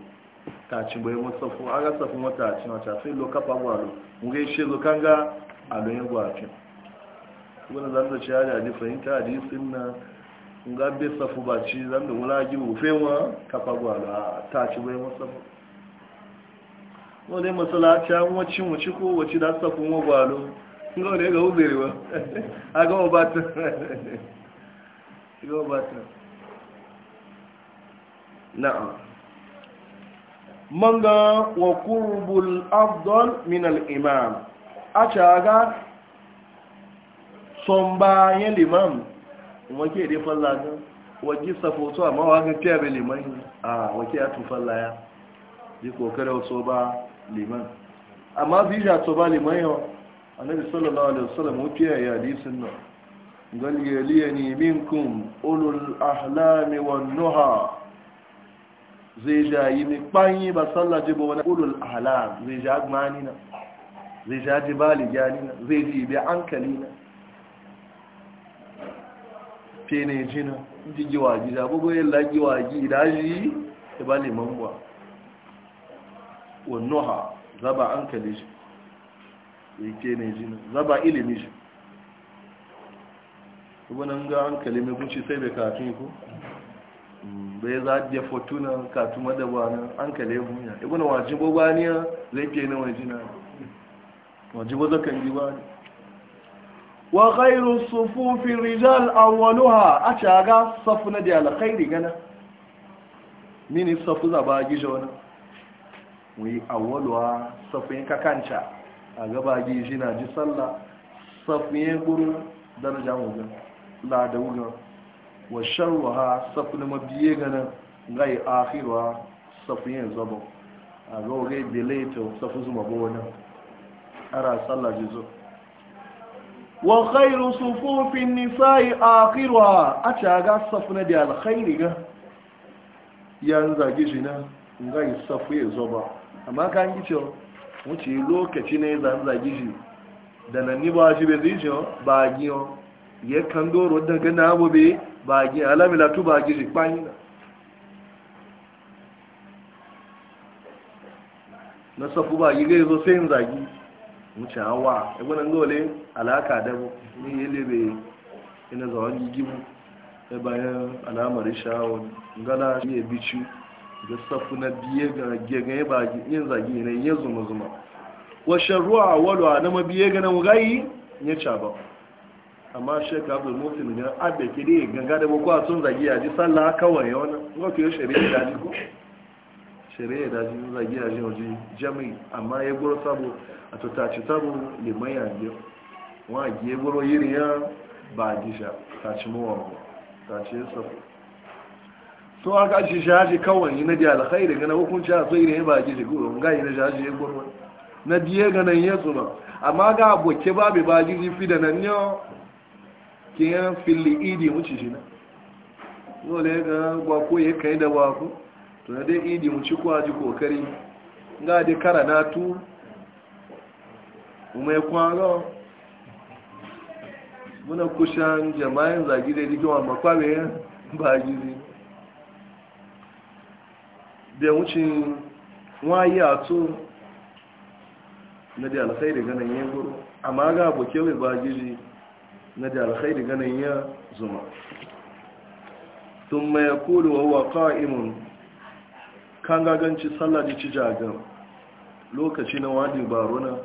ta bai wasafu a ga safi mata ci mata fi lo kafa gwalo mugai shi zo kan ga alo ya gwafin wani zan da ci hada ji fahimta a jisun na ga bai safu ba ci zan da wula gi bufe wa kafa gwalo a ta ci bai wasafu wani masalaci an wacin wuci ko waci da safin wa gwalo ga wani ga uzerewa a gama batun yau ba manga wa kurbul afdal min al-imam a caga son bayan limam wake dai falla ga wake safoto amma wagan tiyabe liman a wake ya tufalla ya ji kokarin wasu ba liman amma bija to ba liman yau a annabi sallallahu alaihi wasallam wuce ya yi hadisin nan قال يليني منكم أولو الأحلام والنهى zai jayi mai kpanyi ba sallah jibo wani ulul ahlam zai ja gmani na zai ja jibali gani na zai ji bi ankali na fene jina ji giwaji da bugu yin lagiwaji daji ta e ba neman buwa wannan ha zaba ankali shi ya fene jina zaba ilimi shi wannan ga an mai kunci sai bai katun ku. Mm, bai za da fortuna katun madawa nan an kalimu ya ibn wajibo baniya zai ke na wajina wajibo zakan yi ba wa khairu sufufin rijal awwaluha a caga safu na da alkhairi gana mini safu za ba gije wani wi awwaluha safu yin kakanta a gaba gije na ji sallah safu yin guru daraja mu gana da wuga wa sharuwa ha safin mabiye ganin gai ahirwa safin yin zaba a gaurai belaita safin zuma wani ara tsalla jizo wa khairu sufufin nisa'i akhirwa a caga safin da alkhairi ga yan zage shi na gai safin ya zaba amma ka yi cewa wuce lokaci ne zan zage shi da nan ni ba shi bai zai cewa ba giyo ya kan doro da gana abu be ba gi alamila tu ba gi rikpani na na safu e e e ba gi gai zo sai yin zagi wuce wa ebe nan gole alaka da bu ni ya lebe ina zawon gigi mu ya bayan alamar shawo gana iya bici da safu na biye ga gege ba yin zagi ne ya zuma zuma wa ruwa a walwa na mabiye ganin gayi ya caba amma shek abdul musin ne abe kidi ganga da boko sun zagi ya ji sallah kawai ya wani ngoke shari'a da ji ko shari'a da ji zagi ya ji jami amma ya goro sabo a to sabo liman ya ji wa gi ya goro yiri ya ba gisha ta ci mawa ta ci sabo so aka ci shaji kawai yi na da alkhairi gana hukunci a sai ne ba gisha ko Nga yi na shaji ya goro na biye ganan yesu ba amma ga abokke babu ba gisha fi da nan yau kiyan fili idi wuce shi na dole ga gwako ya kai da gwako to na dai idi wuce kuwa ji kokari ga dai kara na tu kuma ya kwaro muna kushan jama'in zagi da rikiwa makwabe ya ba gizi da wuce wayi a tu na da alkhairi ganin yin guru amma ga abokewa ba gizi na da alkhairi ganin ya zuma tun mai ya kulu wa waka imun kan gaganci tsallaji ci jagan lokaci na wadi baruna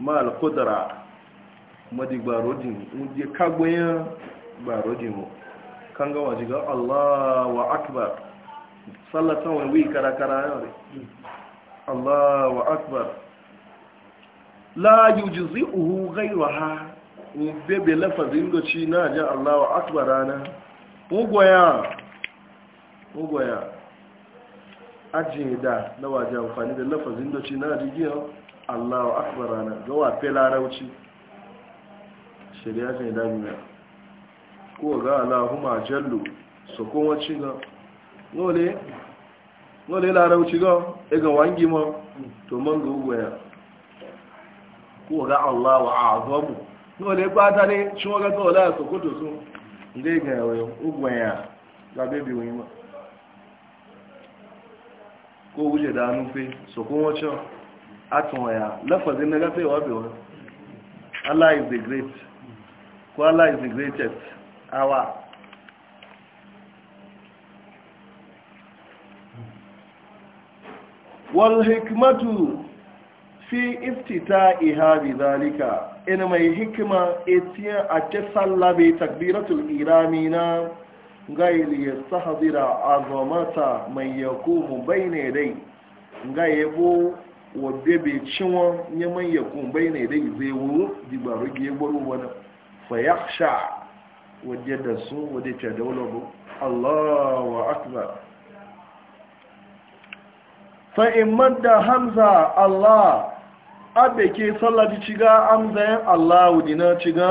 ma alkudara madigbarodin wadda kagbayan barodin mu kan gawa jiga allah wa akbar sallatan wani wi karakara ne. allah wa akbar la yujizi uhu gairu ha bebe lafazin doci na ajin allawa akbar rana mugwaya mugwaya ajin da na waje amfani da lafazin doci na ajiyar allawa akbar rana ga wafe larauci shari'a jin damina ko ga alahuma jallu su kuma ci ga nole nole larauci ga e ga wangi ma to man ga ugwaya ko ga allawa azamu náà lè pátá ní ṣíwọ́gẹ́tọ̀ ọ̀lá àsòkòtò sún ilé ìgbà ẹ̀wẹ̀ ogun ẹ̀yà lábẹ́bí wọn mọ́ kó wúlẹ̀ dánú pé sòkó wọ́n ṣọ́ àtún ẹ̀yà lẹ́fọ̀dé nẹ́gẹ́fẹ́ ìwọ́bẹ̀ wọn Allah is the great Allah is the greatest awa wal fi iftita iha bi dhalika in mai hikima etiyan a ke sallabe takbiratul irami na gairi ya sahazira azamata mai yakumu bai ne dai ga wadda bai cinwa neman yakumu bai ne dai zai wuru dibaru geboru wani fayaksha wadda da su wadda ta daulabu allahu akbar fa'in da hamza allah abe ke salladi ciga an zayen allahu dina ciga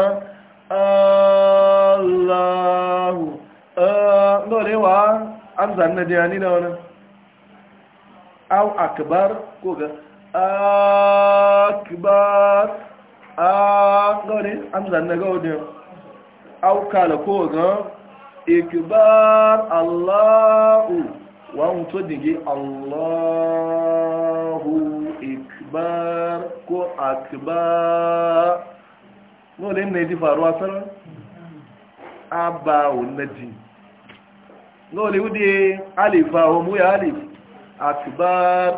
allahu ɗorewa an zanna da yani da wani au akbar ko ga akbar a ɗore an zanna ga wadda au kala ko ga ikbar allahu wa mutu dige allahu akbar ko akbar nole na ji faruwa sarar abawun na ji nole wude alifa wa mu ya alif akbar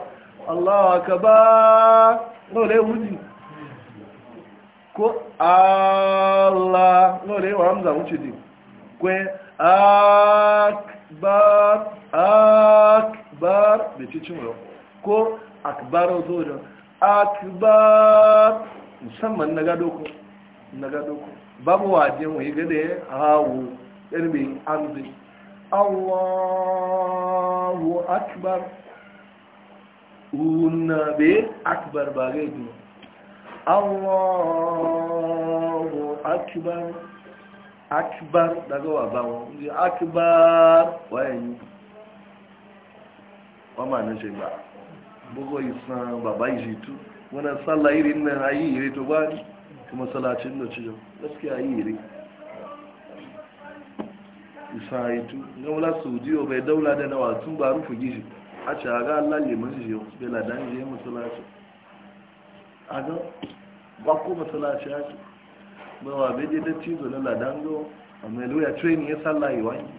allahu akbar nole wuji ko allah nole wa hamza wuce kwe akbar akbar da cikin ko akbar zojon akbar musamman na gado ku na gado ku babu wajen wai gade hawo irbe amzi Allahu akbar una be akbar ba gaidu Allahu akbar akbar daga wa ba wọn akbar wayan yi wa ma shi ba bugo isan baba tu wani tsalla irin na ayi iri to ba ni kuma salacin da cijo gaske ayi iri isa na wula wala o bai daula da nawa tun ba rufu gishi a ce a ga Allah liman shi yau bai ladan shi yi masalaci a ga ba ko masalaci ya ce ba wa bai je da cizo na ladan go mai ya ya training ya tsalla yi wani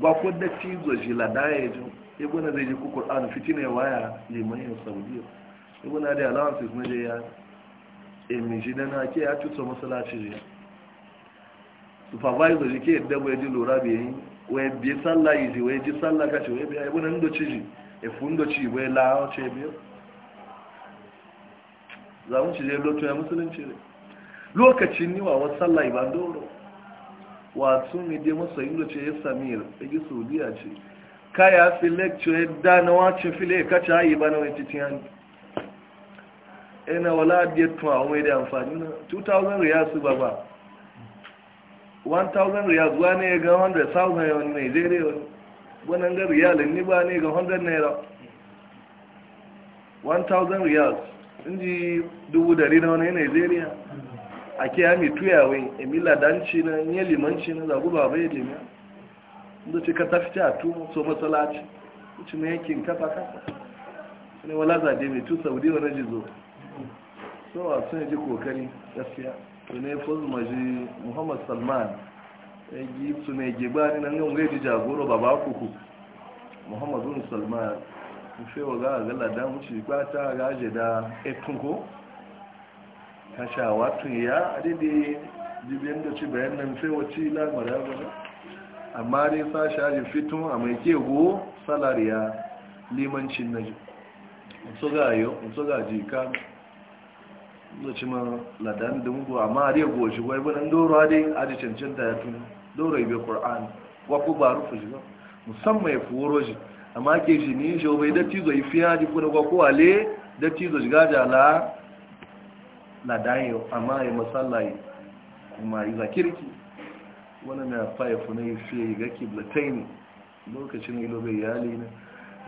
ba ko da cizo shi ladan ya ji ya gwana zai ji ku Kur'ani fiti ne waya limanin saudiya ya gwana da alawansu na da ya emishi da na ke ya cuta masalaci ne supervisor ji ke yadda bai ji lura bai yi wai bi sallah yi ji wai ji sallah kace wai bi ya gwana ndo ci ji e fundo ci wai lawo ce biyu za mu ci je lotu ya musulunci ne lokacin ni wa wasu sallah ba doro sun mai dai masa yi ce ya samir ya gi saudiya ce kaya fi lecture da na wacin file ka ta yi ba na wani titi hannu ina wala da tuwa a wani da amfani na 2000 riyasu ba ba 1000 riyasu ba ne ga 100,000 yawon nigeria wani wannan ga riyalin ni ba ne ga 100 naira 1000 riyals inji dubu dari na wani nigeria a kiyami tuyawai emila danci na yi limanci na zagu ba bai limanci da ce ka tafi a tumu so matsalaci wuce na yankin kafa kafa wani wala zaɗe mai tu saudi wani jizo so a sun yi kokari gaskiya to ne fozu maji muhammad salman ya yi su ne gibani nan gan gaji jagoro baba kuku muhammadu salman fewa ga gala da wuce ba ta gaje da ekunko kashawa tun ya adidi jibin da ci bayan nan wa ci lagmar ya amma dai sashi hajji fitun a mai ke go salariya limancin na ji su ga yau so ga ji ka zoci ma ladan dungu amma dai goji wai bunan doro dai aji cancanta ya tuni doro ibe qur'an wa ku ba rufu shi ba musamman ya fi woro shi amma ke shi ni shi bai datti zo ifi ji kuna kwa ko ale datti zo shiga da ladan yau amma ya masallayi kuma yi zakirki wani ya faya na sai fiye ga kiblatai ne lokacin ilo bai yali ne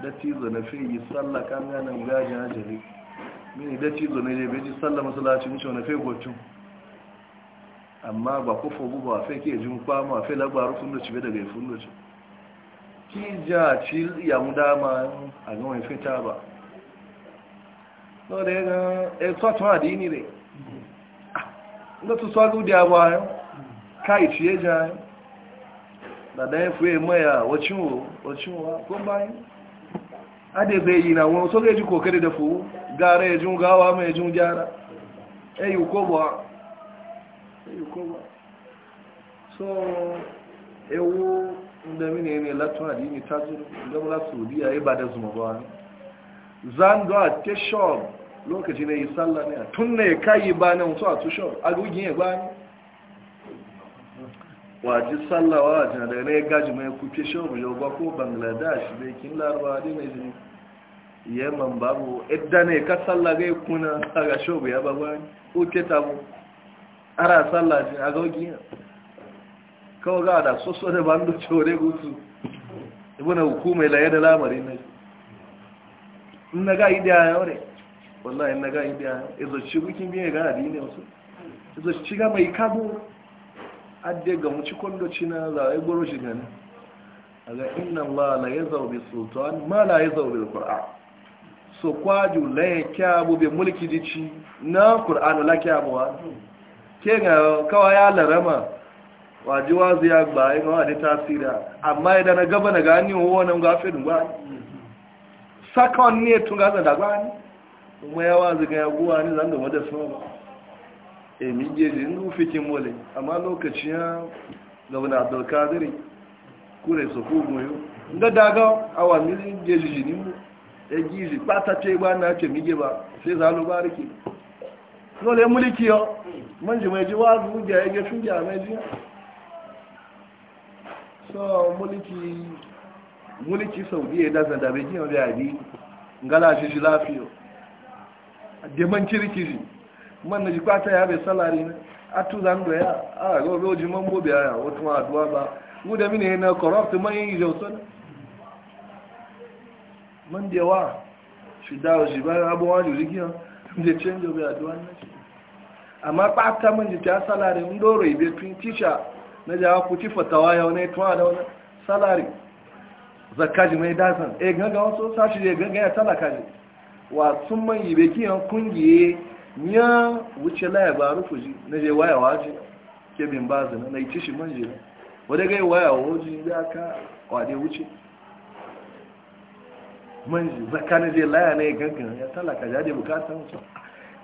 da tizo na fiye yi sallah kan ganin gajin ajali mini da tizo ne je beji sallah masallaci mun na fiye gocin amma ba ku fugu ba fiye ke jin kwamo a fiye labaru fundoci bai daga fundoci ki ja ci yamu dama a wani fita ba no da ya ga e eh, tsotun adini ne ah, na tu swagu da ya kai ciye ja da ɗayan fuye maya wacinwo wacinwa ko bayan ade zai yi na wani so zai ji kokari da fu gara ya jin gawa mai jin gyara eyi ko ba eyi ko ba so ewu inda mini ne latin adini ta zuru gaba la saudiya ya e ba da zuma ba zan do a te shop lokaci na yi sallah ne tun ne kayi ba na mutu a tu shop agogin ya ba ne waji sallawa a janarai gaji mai kuke shobu yau ba ko bangladesh bai kin larabawa ne mai jini yamman babu idan ne ka sallagai kuna a ga shobu ya bagwa uke tabo ara sallaji a gaugi kawo ga da soso da bandu core gusu ibina hukumai laye da lamarin na in na ga idiya yau ne wallahi in na ga idiya izo ci bukin biya ga adini wasu izo ci ga mai kabo adde ga muci kondo cina za a yi goro shi gani a ga inna ba na ya zaube sultan ma na ya zaube qur'an so kwaju la ya kyabu be mulki dici na qur'an la kyabu wa ke ga kawa ya larama waji wazu ya gba yi gawa da tasira amma idan na gaba na gani wa nan ga fedin ba sakon ne tun ga da gani kuma ya wazu ga ya guwa ne zan da wadda sama emi geji ndu fikin mole amma lokaci ya gabana abdulkadiri kure so ku moyo nga daga awa mi geji jini mu e geji pata ce ba na ce mi ba sai za lu bariki dole mulki saudiya da da bai ji ngala shi lafiyo de man kirkiji man na jikwa ta ya bai salari ne a tu zan ya a ga roji man bobe ya wata ma aduwa ba mu da mine na corrupt man yi jauson man da yawa shi dawo shi ba abuwa jirigiya da canjo bai aduwa na shi amma kpata man ji ta salari mun doro ibe tun tisha na jawa ku ci fatawa yau ne tuwa da wani salari zakaji mai dazan e ganga wasu sashi da ganga ya talaka ne. wa sun man yi bai kiyan kungiye ya wuce laya ba rufu ji na je waya waje ke bin bazi na yi cishi manje na wadda gai waya waje ya ka kwade wuce manje zaka na je laya na ya gangan ya talaka jade bukatan su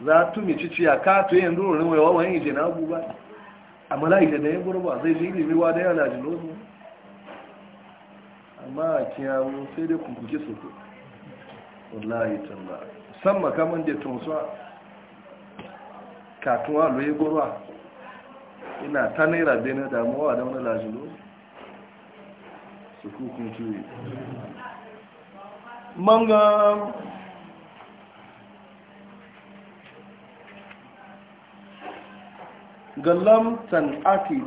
za tu mi cici ya ka to yin dururin wai wawan yi je na abu ba amma layi da ya gurba zai ji ilimi wa da yana jilozu amma a kiyawo sai dai kunkuke su wallahi talla musamman kamar da tunsuwa katuwa yi gorwa ina ta naira na damuwa da wani lajilo su kukun kiwi manga gallam tan aki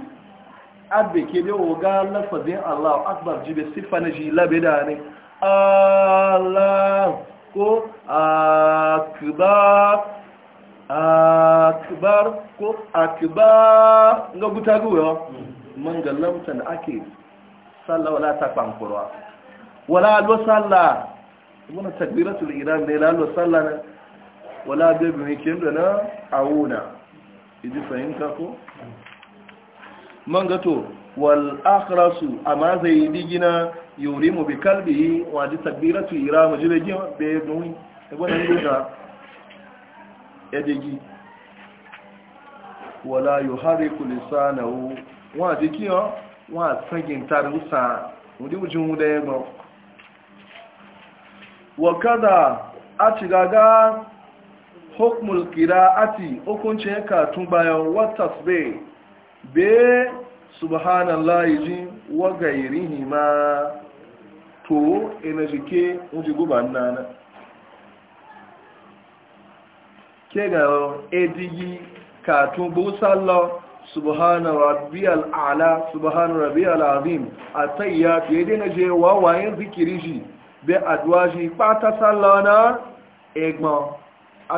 abe ke da woga lafazin allahu akbar jibe siffa na ji labe da ne allah ko akbar akbar ko akbar ga buta guwa man ga lamtan ake sallah wala ta kwankurwa wala alwa sallah wani takbiratul iran ne lalwa sallah na wala bebe mai da na awuna iji fahimta ko man gato wal akhrasu amma zai digina yurimu bi kalbi. wa di takbiratul iran majilajin bebe mai ebe na yi da yadigi wala kulisa na wa jiki o wa tsagin tarusa wudi wujin da yego wa kada a cigaga hukmul qira'ati hukunce katun bayan wa tasbee be subhanallahi jin wa gairihi ma to ina jike wudi guban nana ke ga edigi katun busa lọ subhana rabbiyal ala subhana rabbiyal azim atayya ke dina je wawayin zikiri shi be adwa shi pata sallana egbon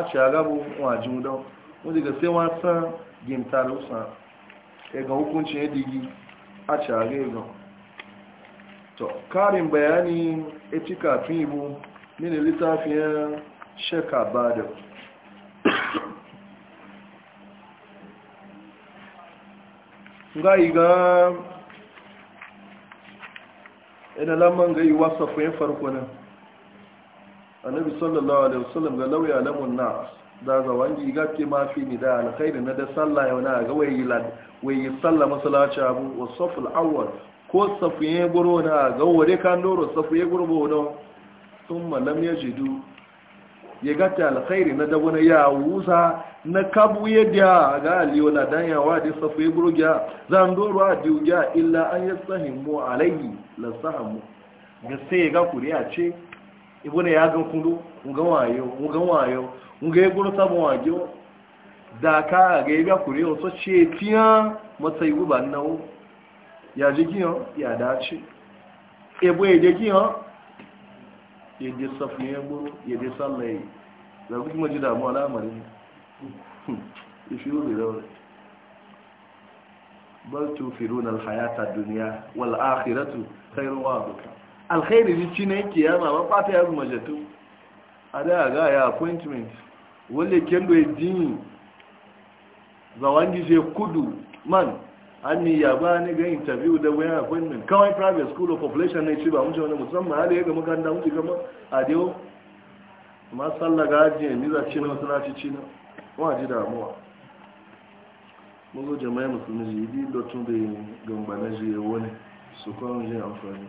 a ci agabu wajin don wani ga sai wasan gimtar usan egbon hukuncin edigi a ci aga to karin bayani etika tun ibu mini littafin shekabadar ngai ga ina lamman ga yi wasa e farko nan annabi sallallahu alaihi wasallam ga lauya lamun na da za wangi ga ke ma fi ni da alkhairi na da sallah ya wani ga wayi lad wayi sallah masallaci abu wasaful awwal ko safiye goro na ga wore kan doro safiye goro bono thumma lam yajidu ya gata alkhairi na da na ya wusa na kabu ya da ga aliyu na dan yawa da safu ya burgiya zan doro a diuya illa an yastahimu alayhi la sahamu ga sai ga kuriya ce ne ya gan kundu ga wayo ga wayo ga ya guru sabon wajo da ka ga ya kuriya so ce tiya matsayi guban nawo ya ji kiyo ya dace ebo ya ji kiyo ya je safin yabo ya je sallaye da kuma ji damuwa lamarin ya yi da wani. bal tufirun alhayata duniya wal akhiratu khairun wa abuka alkhairi ji ci ne ma ba fata ya zuma jatu a da ga ya appointment wale kendo ya jini zawangi je kudu man an ni ba ni ga interview da wayan appointment kawai private school of population ne ci ba mun wani musamman hali ga makaranta mun gama a dewo ma sallah ga ajiye ni za ci na wasu ci na wa ji muwa mun zo jama'a musulmi ji di dotun da gamba na ji wani su kwan ji amfani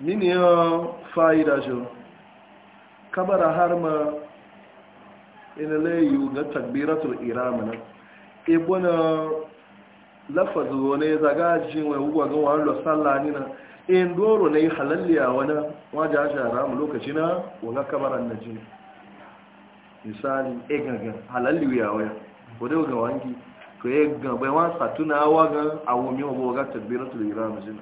mini ya fa'ida kabara har ma ga takbiratul ebona lafazu wani zaga jinwai ugwa ga wani losalla nina in eh, doro ne yi halalliya wani wajen ajiyar mu lokaci na wani kamaran na jini misali egaga eh, halalliya waya wadda ga wangi to eh, ga bai wa satuna wagan awomi wa boga tabbiratul iram jin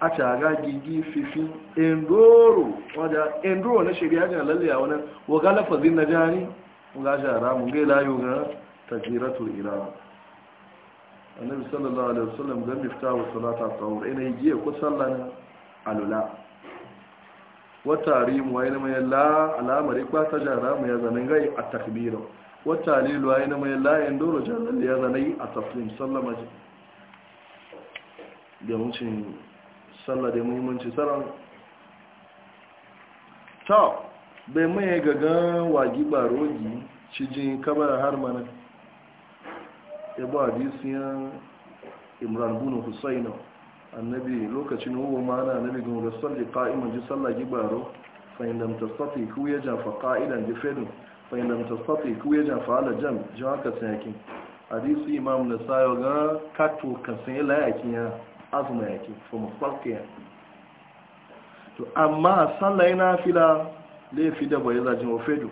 a ga gigi fifi indoro wajen indoro na shirya ajiyar halalliya wani ga lafazin na jani wajen ajiyar mu ga layo ga takbiratul ihram annabi sallallahu alaihi wasallam ga wa salata tawur ina yiye ko sallan alula wa tarim wa ina mai la alamari kwa tajara mai mu ya zanin gai a takbira wa talil wa ina mai la yan doro da ya zanai a tafsir sallama ji da mutum sallah da muhimmanci saran ta bai mai gagan wagi barogi cijin kamar har mana ebo hadisiyan imran bunu husayn annabi lokacin huwa mana annabi gun da salli qa'iman ji sallah gibaro fa in lam ku ya jafa ka'idan ji fedu fa in Sati, tastati ku yaja fa ala jam jawaka sayakin hadisi imam sayo ga kato kasan la layakin ya azuma yakin fa ya to amma sallah na fila laifi da bai zajin ofedu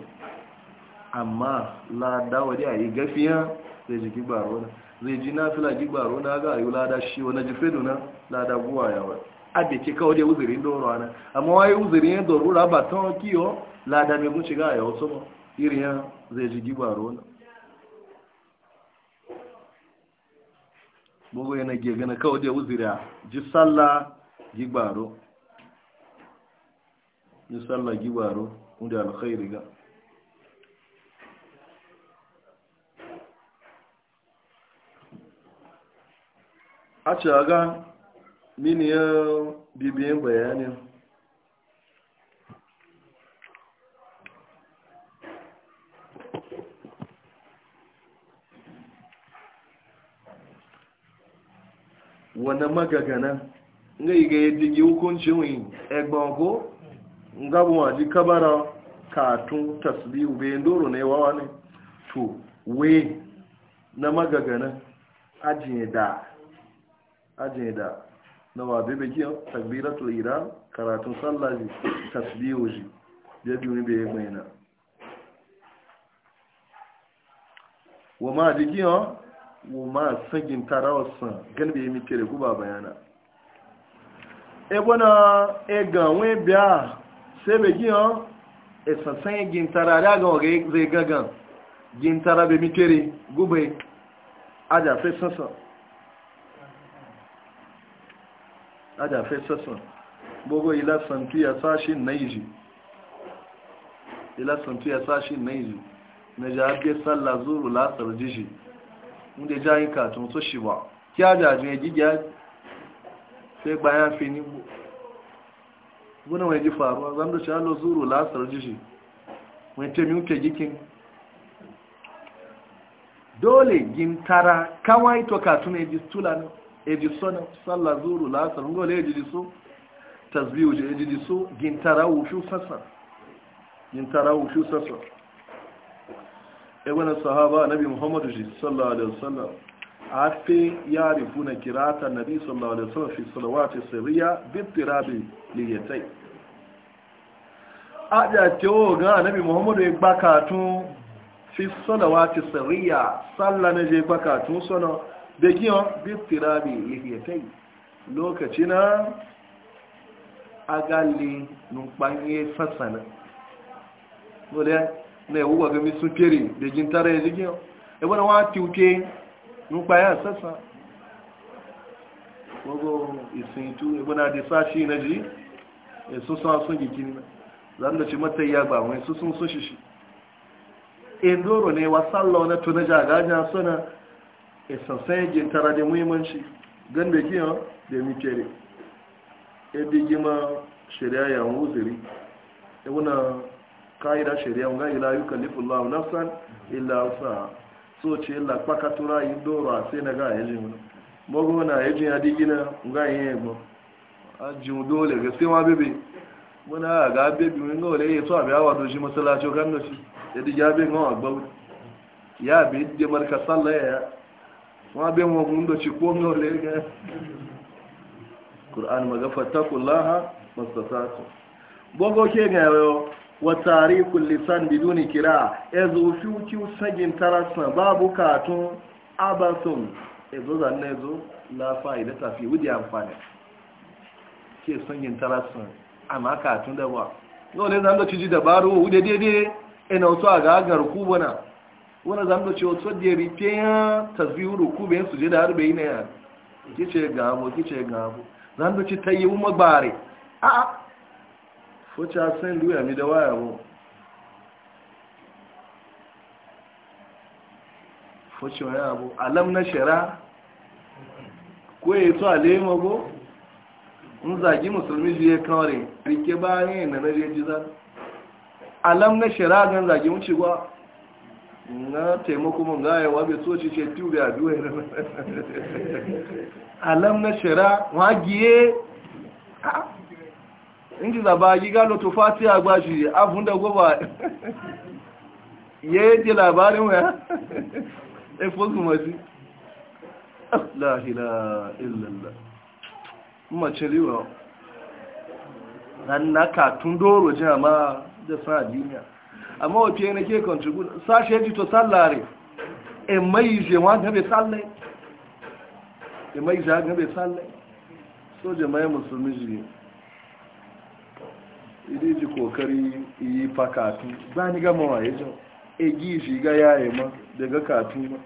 amma la a yi gafiya zai ji gibaro na zai ji nafila gibaro na ga yi lada shi wani ji fedu na lada buwa ya wani abe ke kawo dai uzirin doro ana amma wa wai uzirin ya doro ra ba tan kiyo lada mai guci ga ya wato ma irin ya zai ji gibaro na bogo yana gege na kawo dai uzira ji salla gibaro ji salla gibaro inda alkhairi ga a caga mini ya bibiyin bayanin wani magagana nga iga ya digi hukuncin wi ẹgbọn nga bu wa ji kabara katun tasbihu be ndoro ne wawa ne to we na magagana ajiye da aje da na wabe bikin takbiratul iran karatun sallah ji tasbihu ji da biyu bai mai na wa ma bikin wa ma sagin tarawarsa galibin ya mitere guba bayana egbona eganwe biya sai bikin esansan ya gintara daga zai gagan gintara bai mitere gubai ajafe sansan ada fesasun gbogbo ilasantu ya sashin naiji ilasantu ya sashin naiji na jabe tsalla zuru lasar jiji inda ja yi katon to shi ba kí ajajen gíga fẹ́ gbayan fi ní gbọ́nà wọ́n jí faruwa zan da ṣe zuru lasar jiji wọ́n tẹ́ mi ń kẹ gikin dole gintara kawai to katon ya tula stula náà eji sallah zuru lasar ngole eji disu tasbihu je eji disu gintarawu shu sassa, gintarawu shu sassa. e wana sahaba nabi muhammad ji sallallahu alaihi wasallam afi yarifuna kirata nabi sallallahu alaihi wasallam fi salawati sirriya bi tirabi liyatai aja tewo ga nabi muhammad ya e gbakatun fi salawati sirriya sallah ne je gbakatun sono da giyon bittirabi lihiyatai lokaci na agali numfanye fasana wale na yawu ga gami sun fere da jin tara ya jigiyon ebe na wa tiwuke numfanye sassa wago isintu ebe na da sashi na ji ya e sun sun gikini na zan da ci mata ya ba wani su sun sun shishi indoro e ne wasan launatu na jagajen suna e sassan yin tara da muhimmanci gan da giyan da mitere e bi gima shari'a ya wuziri. ya wuna ka'ida shari'a ga ila yi kalifin lahu nafsan illa sa so ce la kpakatura yi doro a sai na ga ya jin wani mago na ya jin adi gina ga yi ya gba a jin dole ga sai ma bebe muna ga bebe wani ga wale ya so abi awa doshi masalacin kan da shi ya digi abin gawa gbau ya bi da marka sallah ya ma be mo gundo ci ko no le ga Qur'an maga fattakullaha mastata'tu bogo ke ga wa tariqul lisan biduni kira ezo fi uci sagin tarasna babu katun abasun ezo zanne ezo la fa'ida ta fi wudi amfani ke sagin tarasna amma katun da ba no le zan do ci dabaru wude dede ina so aga garku bana wani zan da cewa so ya rike ya tasbihu ruku bayan su je da harbe na ya kice ga abu kice ga abu zan da ci ta yi umma bare a a fuce san duya mi da waya mu fuce waya abu alam na shara ko ya to alema go in zagi musulmi ya kawai rike bayan yana na je alam na shara gan zagi wuce gwa na taimako mun gaya wa bai soci ce tiyu bai abuwa ya alam na shara wagiye in ji zaba giga lotu fati a gbashi abun da goba ya yi ji labarin ya efo su maji lahila illallah mace riwa na katun doro jama'a da sa duniya amma wa fiye na ke contribute sashi ya jito sallare e mai je wa gabe sallai e mai je wa gabe sallai so jama'a musulmi ji idi ji kokari yi fa kafin ba ni gama wa ya jan e gi shi ga yaye ma daga kafin ma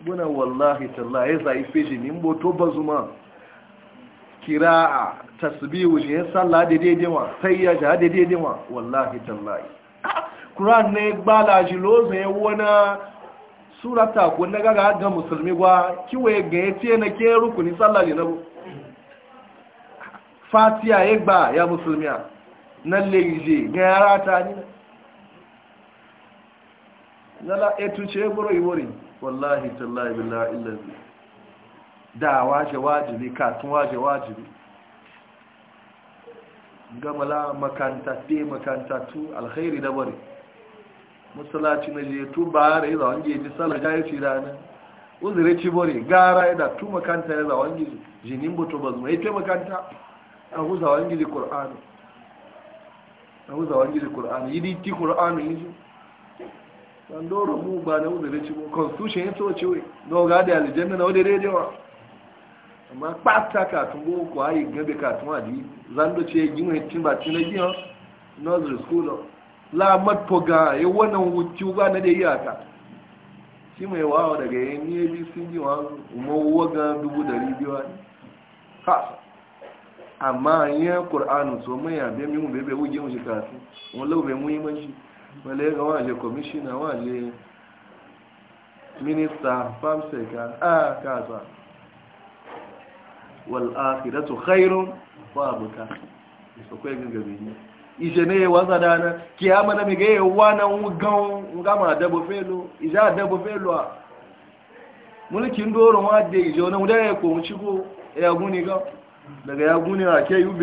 buna wallahi talla ya zai feshi ni mbo to bazuma kira'a tasbihu je sallah da daidaiwa sai ya ja da daidaiwa wallahi tallahi Ƙuran ne gba laji lozo ya wona surata ko na gaga ga musulmi gwa Kiwaye ga ce na ke rukuni tsallali na fatiya ya gba ya musulmi a nan le ga ya rata ni nala etu ce buru iwori wallahi tallahi billahi illazi da waje wajibi katun waje wajibi gamala makanta te makanta tu alkhairi da bari musalaci na je tu bara ya zawon geji sala ja ya ci rana uzure ci gara ya da tu makanta ya zawon geji jinin butu ba zuwa ya fi makanta a hu zawon geji kur'anu a hu zawon geji kur'anu yi ti kur'anu yi don doro mu ba na uzure ci bo constitution ya to ci we no ga da aljanna na wadare rediyo amma kpata ka tun bo ko ayi gabe ka tun adi zando ce ginwe tin ba tin na nursery school la matfoga ya wannan wuce ba na da iyaka shi mai wawa daga yin ne bi sun yi wa mawuwa ga dubu dari biyu ne ha amma yin ƙur'anu so mai yabe mimu bebe wuge wuce kasu wani laube muhimmanci wale ga waje kwamishina waje minista famseka a kasa wal'afiratu khairun babu ta isa kwaikin gabe ne ije ne waza dana kiyama na mige wana ngan felo felo a mulkin doro ma de ije ona muda ya daga ya a ke yu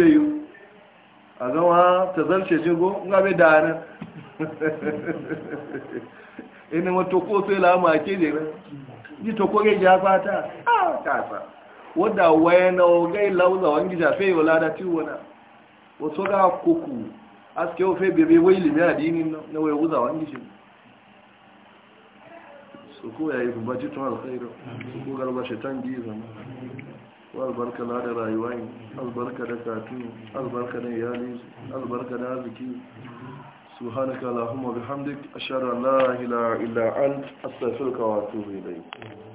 gama ta zarce jigo ngabe dana ina wato sai la ma ke na ni fata ah, kasa wato ga kuku aske ofe bebe wai limi adini na wai wuza wani shi su ko ya yi bubaji tun alkhairu su ko garba shaitan gizo albarka na da rayuwa yi albarka da katu albarka da iyali albarka da arziki su hannaka lahumma bihamdik ashara la ila ila an astaghfiruka wa atubu ilayk